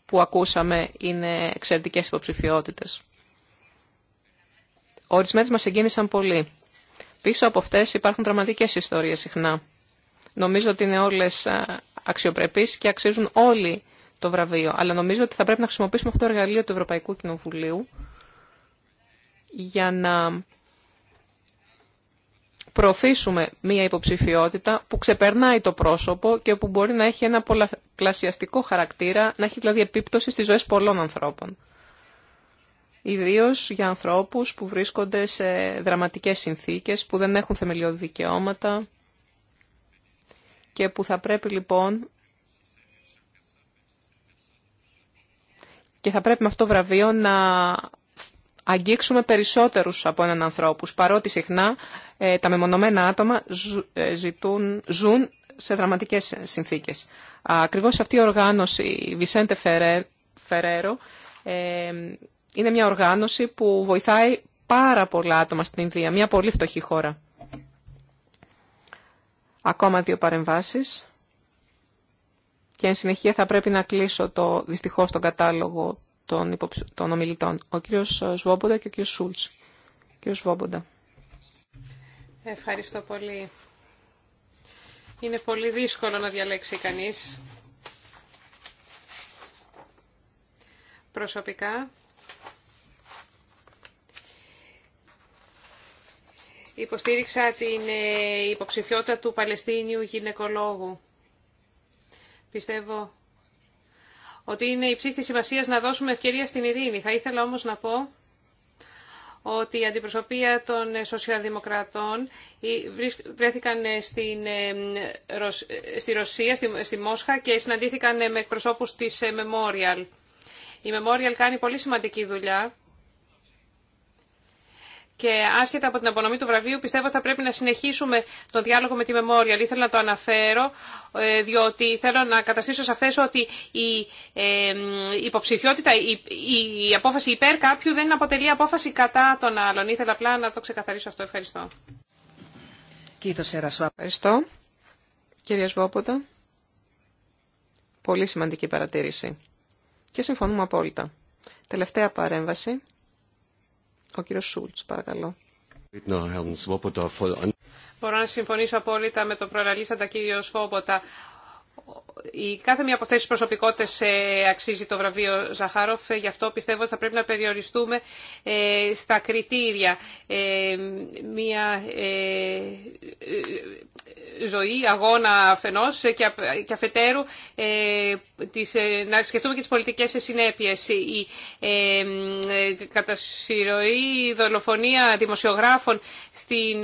που ακούσαμε είναι εξαιρετικές υποψηφιότητες. Ορισμένες μας εγκίνησαν πολύ. Πίσω από αυτές υπάρχουν δραματικές ιστορίες συχνά. Νομίζω ότι είναι όλες αξιοπρεπείς και αξίζουν όλοι το βραβείο. Αλλά νομίζω ότι θα πρέπει να χρησιμοποιήσουμε αυτό το εργαλείο του Ευρωπαϊκού Κοινοβουλίου για να προωθήσουμε μία υποψηφιότητα που ξεπερνάει το πρόσωπο και που μπορεί να έχει ένα πολλαπλασιαστικό χαρακτήρα, να έχει δηλαδή επίπτωση στις ζωές πολλών ανθρώπων ιδίως για ανθρώπους που βρίσκονται σε δραματικές συνθήκες, που δεν έχουν θεμελιώδη δικαιώματα και που θα πρέπει λοιπόν και θα πρέπει με αυτό το βραβείο να αγγίξουμε περισσότερους από έναν ανθρώπους, παρότι συχνά ε, τα μεμονωμένα άτομα ε, ζητούν, ζουν σε δραματικές συνθήκες. Ακριβώς αυτή η οργάνωση, η Βισέντε Φερέρο, είναι μια οργάνωση που βοηθάει πάρα πολλά άτομα στην Ινδία, μια πολύ φτωχή χώρα. Ακόμα δύο παρεμβάσεις και εν συνεχεία θα πρέπει να κλείσω το, δυστυχώς τον κατάλογο των, των ομιλητών. Ο κύριος Σβόμποντα και ο κύριος Σούλτς. κύριος Σβόμποντα. Ευχαριστώ πολύ. Είναι πολύ δύσκολο να διαλέξει κανείς. Προσωπικά Υποστήριξα την ε, υποψηφιότητα του Παλαιστίνιου γυναικολόγου. Πιστεύω ότι είναι υψή τη σημασίας να δώσουμε ευκαιρία στην ειρήνη. Θα ήθελα όμως να πω ότι η αντιπροσωπεία των ε, σοσιαλδημοκρατών ε, βρέθηκαν στην, στη Ρωσία, στη, στη Μόσχα και συναντήθηκαν με εκπροσώπους της Memorial. Η Memorial κάνει πολύ σημαντική δουλειά και άσχετα από την απονομή του βραβείου, πιστεύω ότι θα πρέπει να συνεχίσουμε τον διάλογο με τη Μεμόρια. Ήθελα να το αναφέρω, ε, διότι θέλω να καταστήσω σαφές ότι η ε, υποψηφιότητα, η απόφαση υπέρ κάποιου δεν αποτελεί απόφαση κατά των άλλων. Ήθελα απλά να το ξεκαθαρίσω αυτό. Ευχαριστώ. Ευχαριστώ. Κυρία Σβόποτα, πολύ σημαντική παρατήρηση. Και συμφωνούμε απόλυτα. Τελευταία παρέμβαση ο κύριο Σούλτ, παρακαλώ. Μπορώ να συμφωνήσω απόλυτα με τον προαναλύσαντα κύριο Σφόποτα. Η κάθε μία από αυτές ε, αξίζει το βραβείο Ζαχάροφ, ε, γι' αυτό πιστεύω ότι θα πρέπει να περιοριστούμε ε, στα κριτήρια. Μία ζωή, αγώνα αφενός και αφετέρου να σκεφτούμε και τι πολιτικέ συνέπειε. Η κατασυρωή δολοφονία δημοσιογράφων στην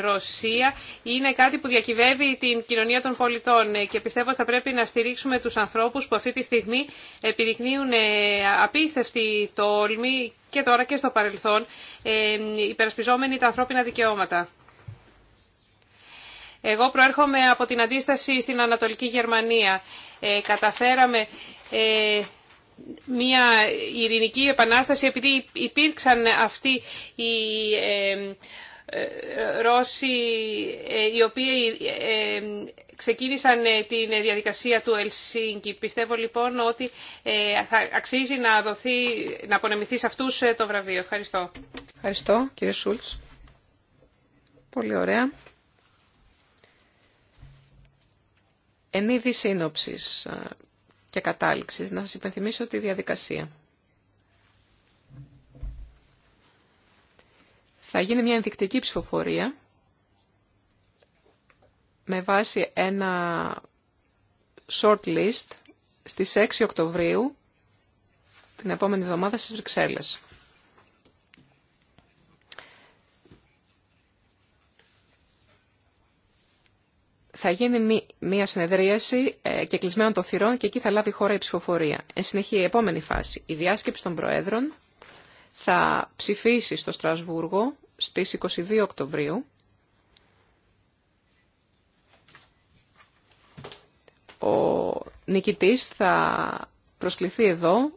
Ρωσία είναι κάτι που διακυβεύει την κοινωνία των πολιτών ε, και πιστεύω ότι θα πρέπει να στηρίξουμε τους ανθρώπους που αυτή τη στιγμή επιδεικνύουν ε, απίστευτη τόλμη και τώρα και στο παρελθόν ε, υπερασπιζόμενοι τα ανθρώπινα δικαιώματα. Εγώ προέρχομαι από την αντίσταση στην Ανατολική Γερμανία. καταφέραμε μια ειρηνική επανάσταση επειδή υπήρξαν αυτοί οι ε, Ρώσοι οι οποίοι ξεκίνησαν ε, την ε, διαδικασία του Ελσίνκη. Πιστεύω λοιπόν ότι ε, αξίζει να, δοθεί, να απονεμηθεί σε αυτούς το βραβείο. Ευχαριστώ. Ευχαριστώ κύριε Σούλτς. Πολύ ωραία. Εν είδη σύνοψης και κατάληξης, να σας υπενθυμίσω τη διαδικασία. Θα γίνει μια ενδεικτική ψηφοφορία με βάση ένα short list στις 6 Οκτωβρίου την επόμενη εβδομάδα στις Βρυξέλλες. Θα γίνει μία συνεδρίαση ε, και κλεισμένων των θυρών και εκεί θα λάβει η χώρα η ψηφοφορία. Εν συνεχεία, η επόμενη φάση, η διάσκεψη των Προέδρων θα ψηφίσει στο Στρασβούργο στις 22 Οκτωβρίου Ο νικητής θα προσκληθεί εδώ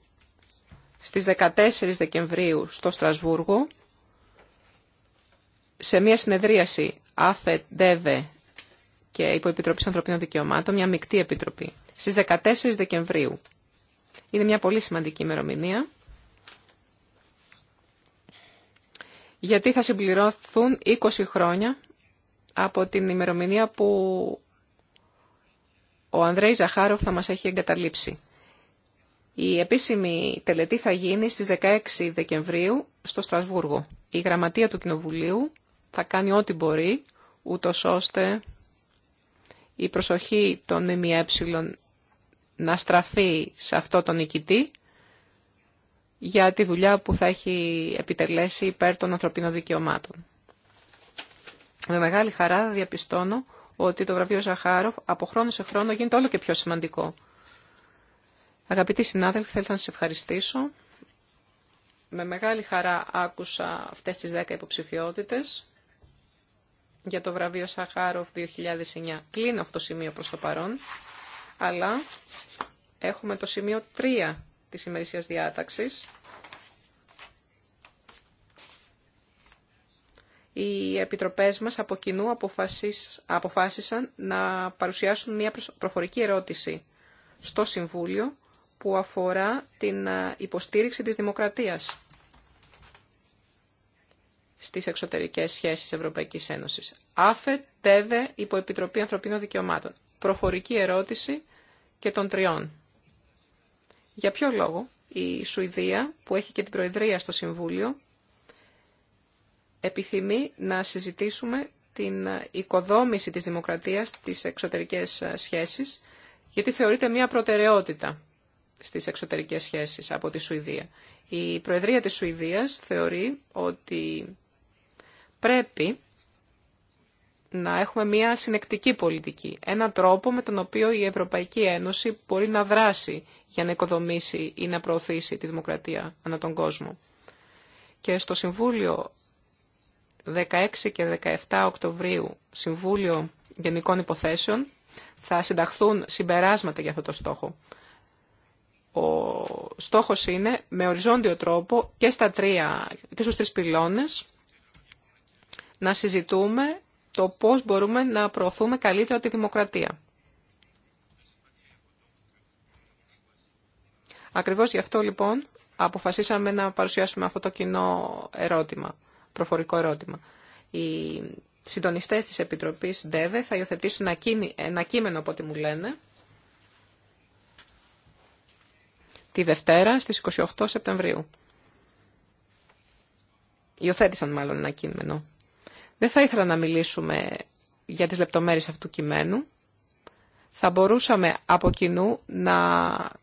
στις 14 Δεκεμβρίου στο Στρασβούργο σε μια συνεδρίαση ΑΦΕ, ΔΕΒΕ και Υποεπιτροπής Ανθρωπίνων Δικαιωμάτων, μια μεικτή επιτροπή, στις 14 Δεκεμβρίου. Είναι μια πολύ σημαντική ημερομηνία. γιατί θα συμπληρωθούν 20 χρόνια από την ημερομηνία που ο Ανδρέη Ζαχάροφ θα μας έχει εγκαταλείψει. Η επίσημη τελετή θα γίνει στις 16 Δεκεμβρίου στο Στρασβούργο. Η γραμματεία του Κοινοβουλίου θα κάνει ό,τι μπορεί, ούτω ώστε η προσοχή των ΜΜΕ να στραφεί σε αυτό τον νικητή για τη δουλειά που θα έχει επιτελέσει υπέρ των ανθρωπίνων δικαιωμάτων. Με μεγάλη χαρά διαπιστώνω ότι το βραβείο Ζαχάροφ από χρόνο σε χρόνο γίνεται όλο και πιο σημαντικό. Αγαπητοί συνάδελφοι, θέλω να σας ευχαριστήσω. Με μεγάλη χαρά άκουσα αυτές τις 10 υποψηφιότητες για το βραβείο Σαχάροφ 2009. Κλείνω αυτό το σημείο προς το παρόν, αλλά έχουμε το σημείο 3 της ημερησίας διάταξης οι επιτροπές μας από κοινού αποφάσισαν να παρουσιάσουν μια προφορική ερώτηση στο Συμβούλιο που αφορά την ε, υποστήριξη της δημοκρατίας στις εξωτερικές σχέσεις Ευρωπαϊκής Ένωσης. Άφε, τέβε, υποεπιτροπή ανθρωπίνων δικαιωμάτων. Προφορική ερώτηση και των τριών. Για ποιο λόγο η Σουηδία, που έχει και την Προεδρία στο Συμβούλιο, επιθυμεί να συζητήσουμε την οικοδόμηση της δημοκρατίας, στις εξωτερικές σχέσεις, γιατί θεωρείται μια προτεραιότητα στις εξωτερικές σχέσεις από τη Σουηδία. Η Προεδρία της Σουηδίας θεωρεί ότι πρέπει να έχουμε μια συνεκτική πολιτική, Ένα τρόπο με τον οποίο η Ευρωπαϊκή Ένωση μπορεί να δράσει για να οικοδομήσει ή να προωθήσει τη δημοκρατία ανά τον κόσμο. Και στο Συμβούλιο 16 και 17 Οκτωβρίου Συμβούλιο Γενικών Υποθέσεων θα συνταχθούν συμπεράσματα για αυτό το στόχο. Ο στόχος είναι με οριζόντιο τρόπο και, στα τρία, και στους τρεις πυλώνες να συζητούμε το πώς μπορούμε να προωθούμε καλύτερα τη δημοκρατία. Ακριβώς γι' αυτό λοιπόν αποφασίσαμε να παρουσιάσουμε αυτό το κοινό ερώτημα προφορικό ερώτημα. Οι συντονιστές της Επιτροπής ΔΕΒΕ θα υιοθετήσουν ένα κείμενο από ό,τι μου λένε τη Δευτέρα στις 28 Σεπτεμβρίου. Υιοθέτησαν μάλλον ένα κείμενο. Δεν θα ήθελα να μιλήσουμε για τις λεπτομέρειες αυτού του κειμένου. Θα μπορούσαμε από κοινού να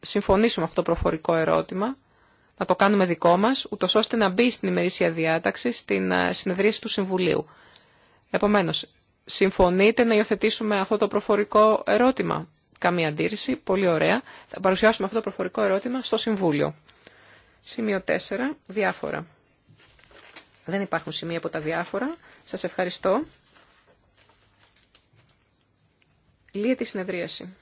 συμφωνήσουμε αυτό το προφορικό ερώτημα να το κάνουμε δικό μας, ούτω ώστε να μπει στην ημερήσια διάταξη στην ε, συνεδρίαση του Συμβουλίου. Επομένως, συμφωνείτε να υιοθετήσουμε αυτό το προφορικό ερώτημα. Καμία αντίρρηση, πολύ ωραία. Θα παρουσιάσουμε αυτό το προφορικό ερώτημα στο Συμβούλιο. Σημείο 4, διάφορα. Δεν υπάρχουν σημεία από τα διάφορα. Σας ευχαριστώ. Λύεται η συνεδρίαση.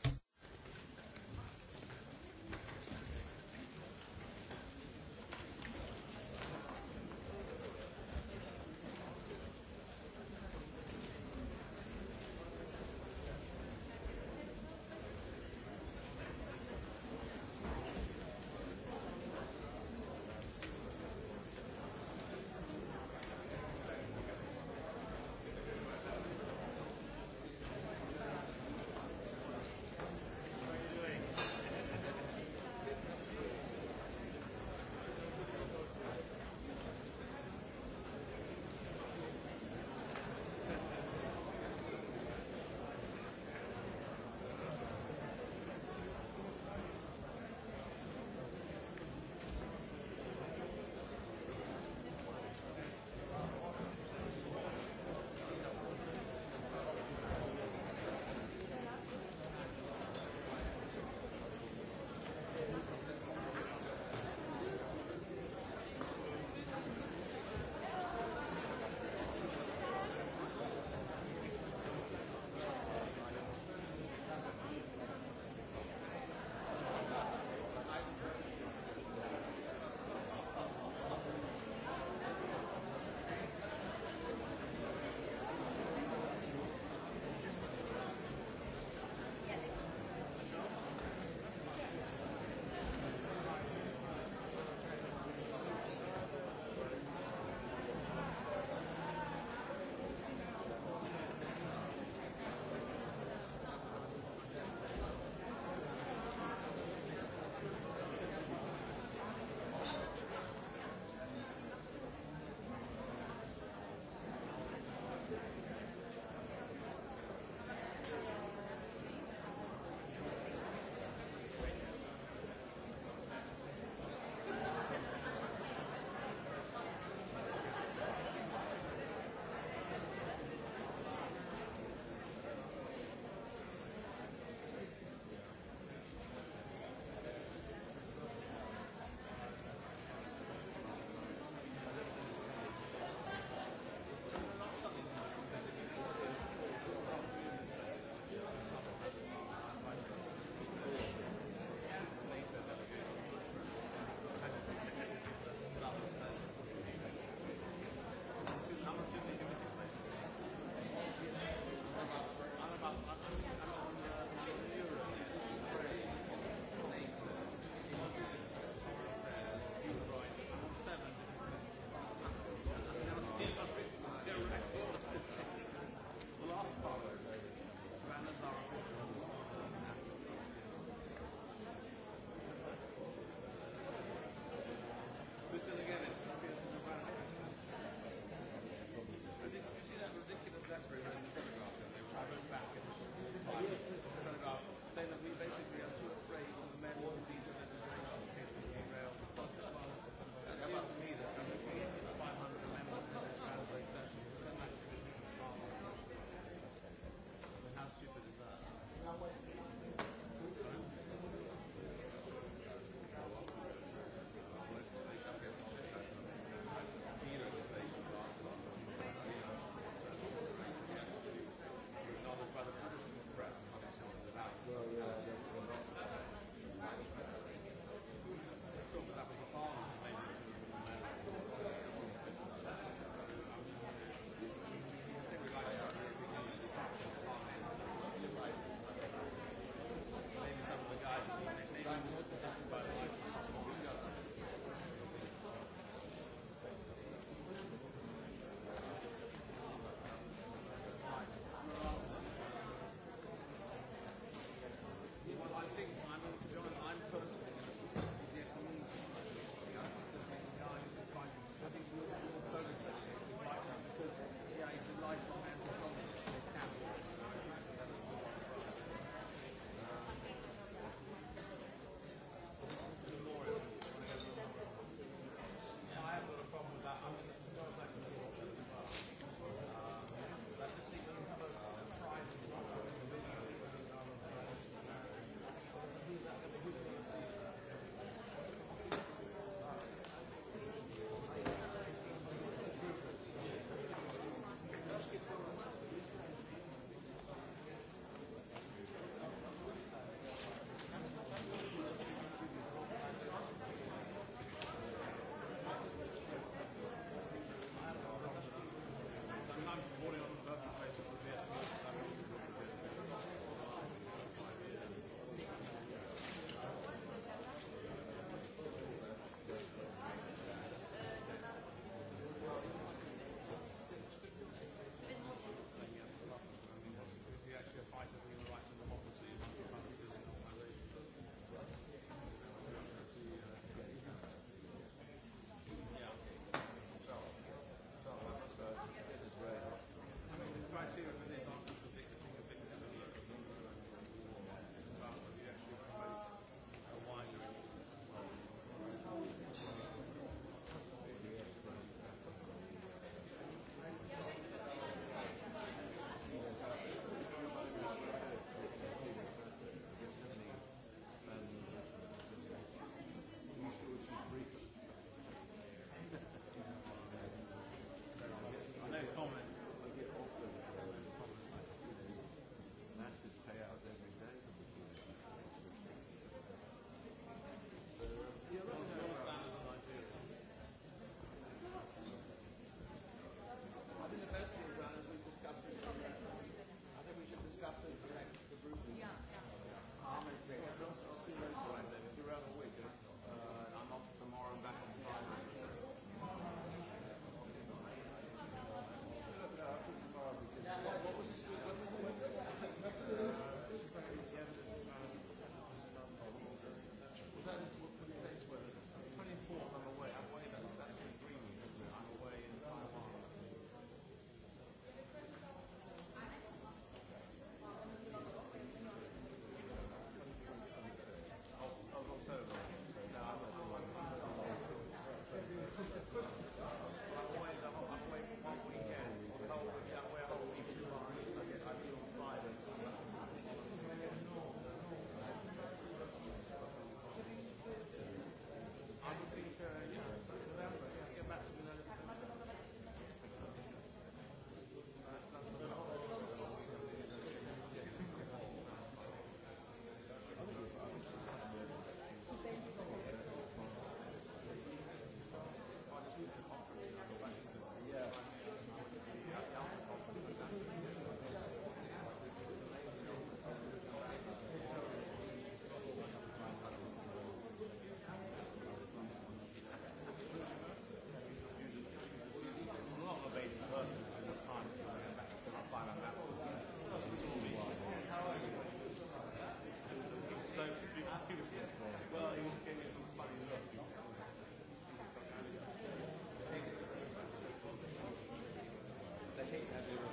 Well, was Thank you.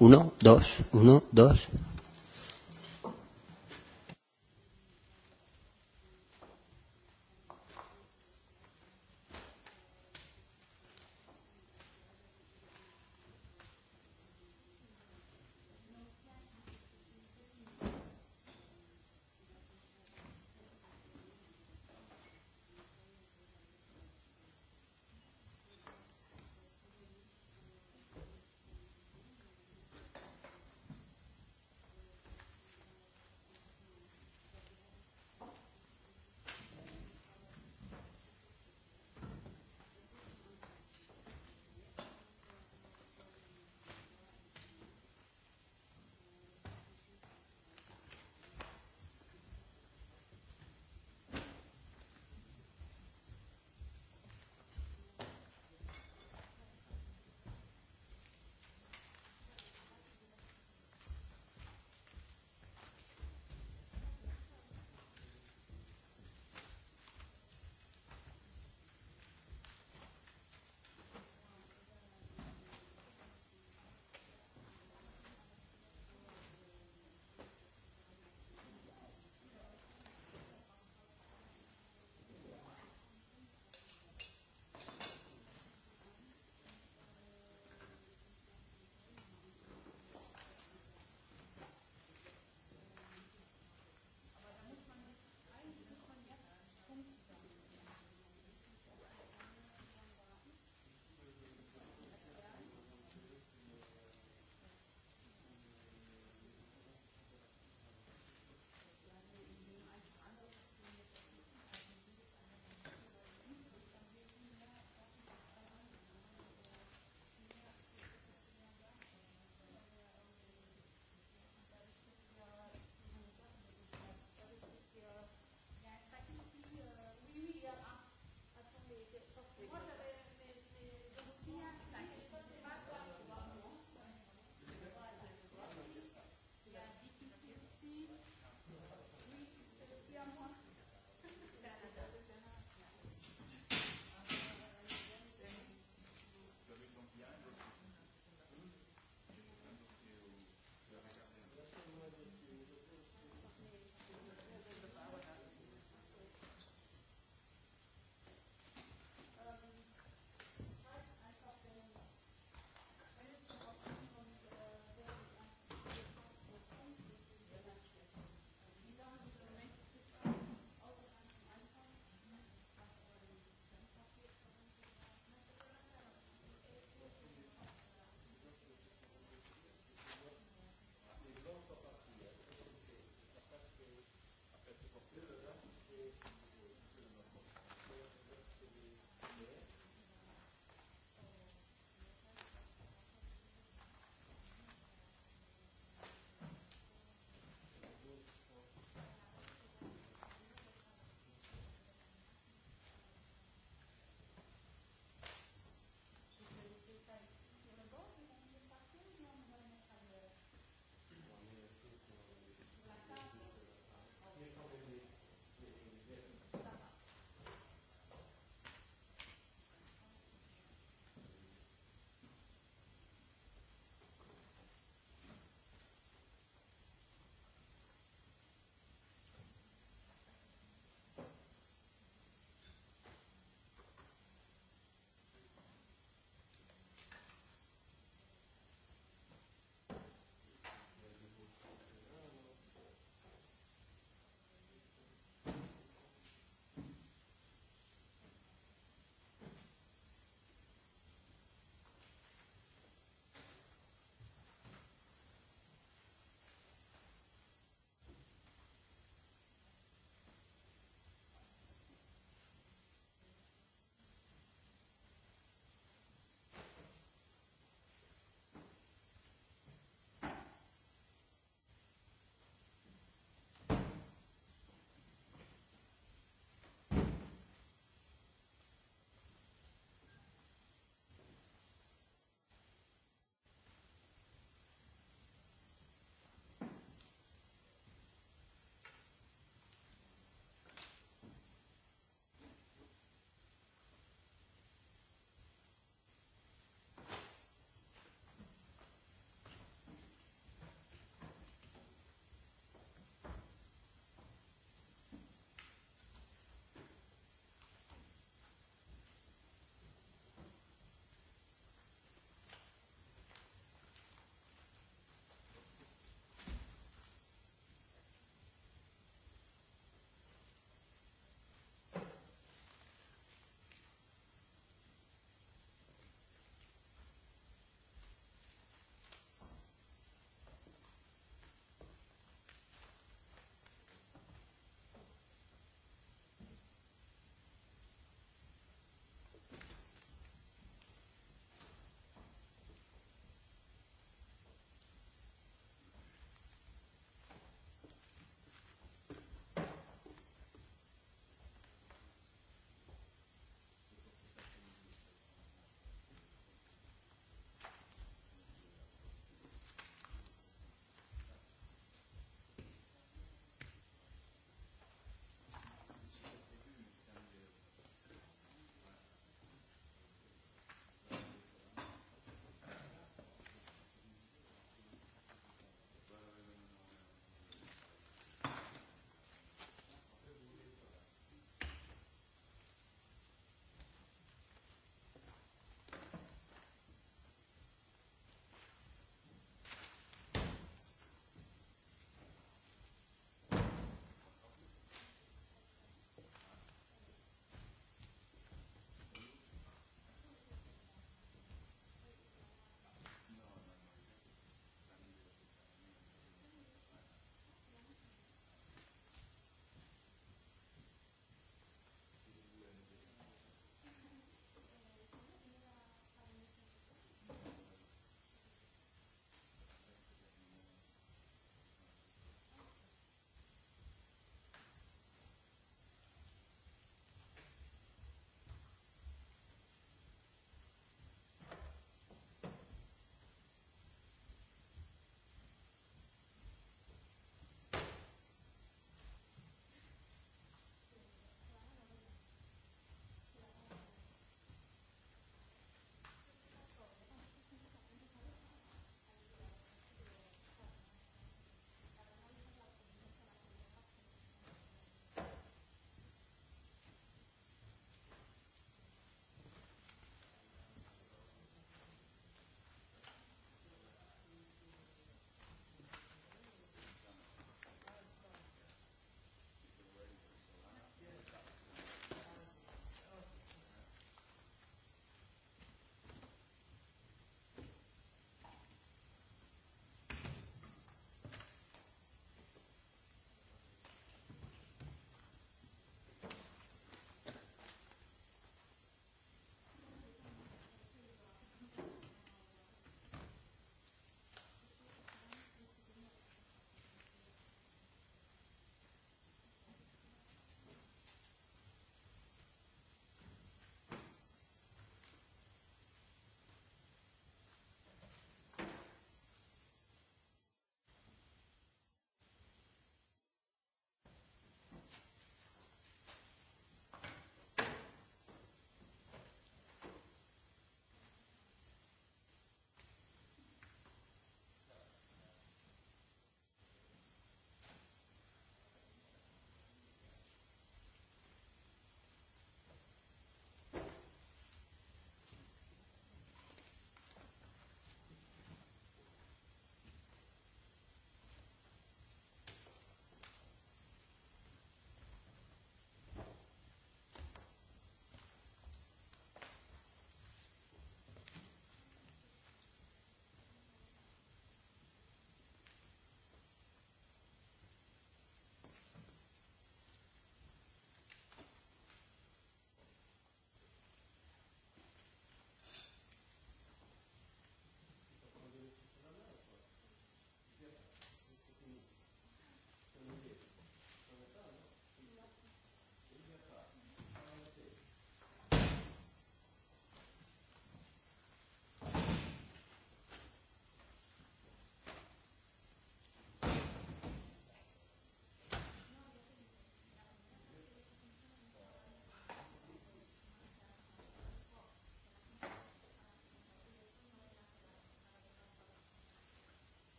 1, 2, 1, 2.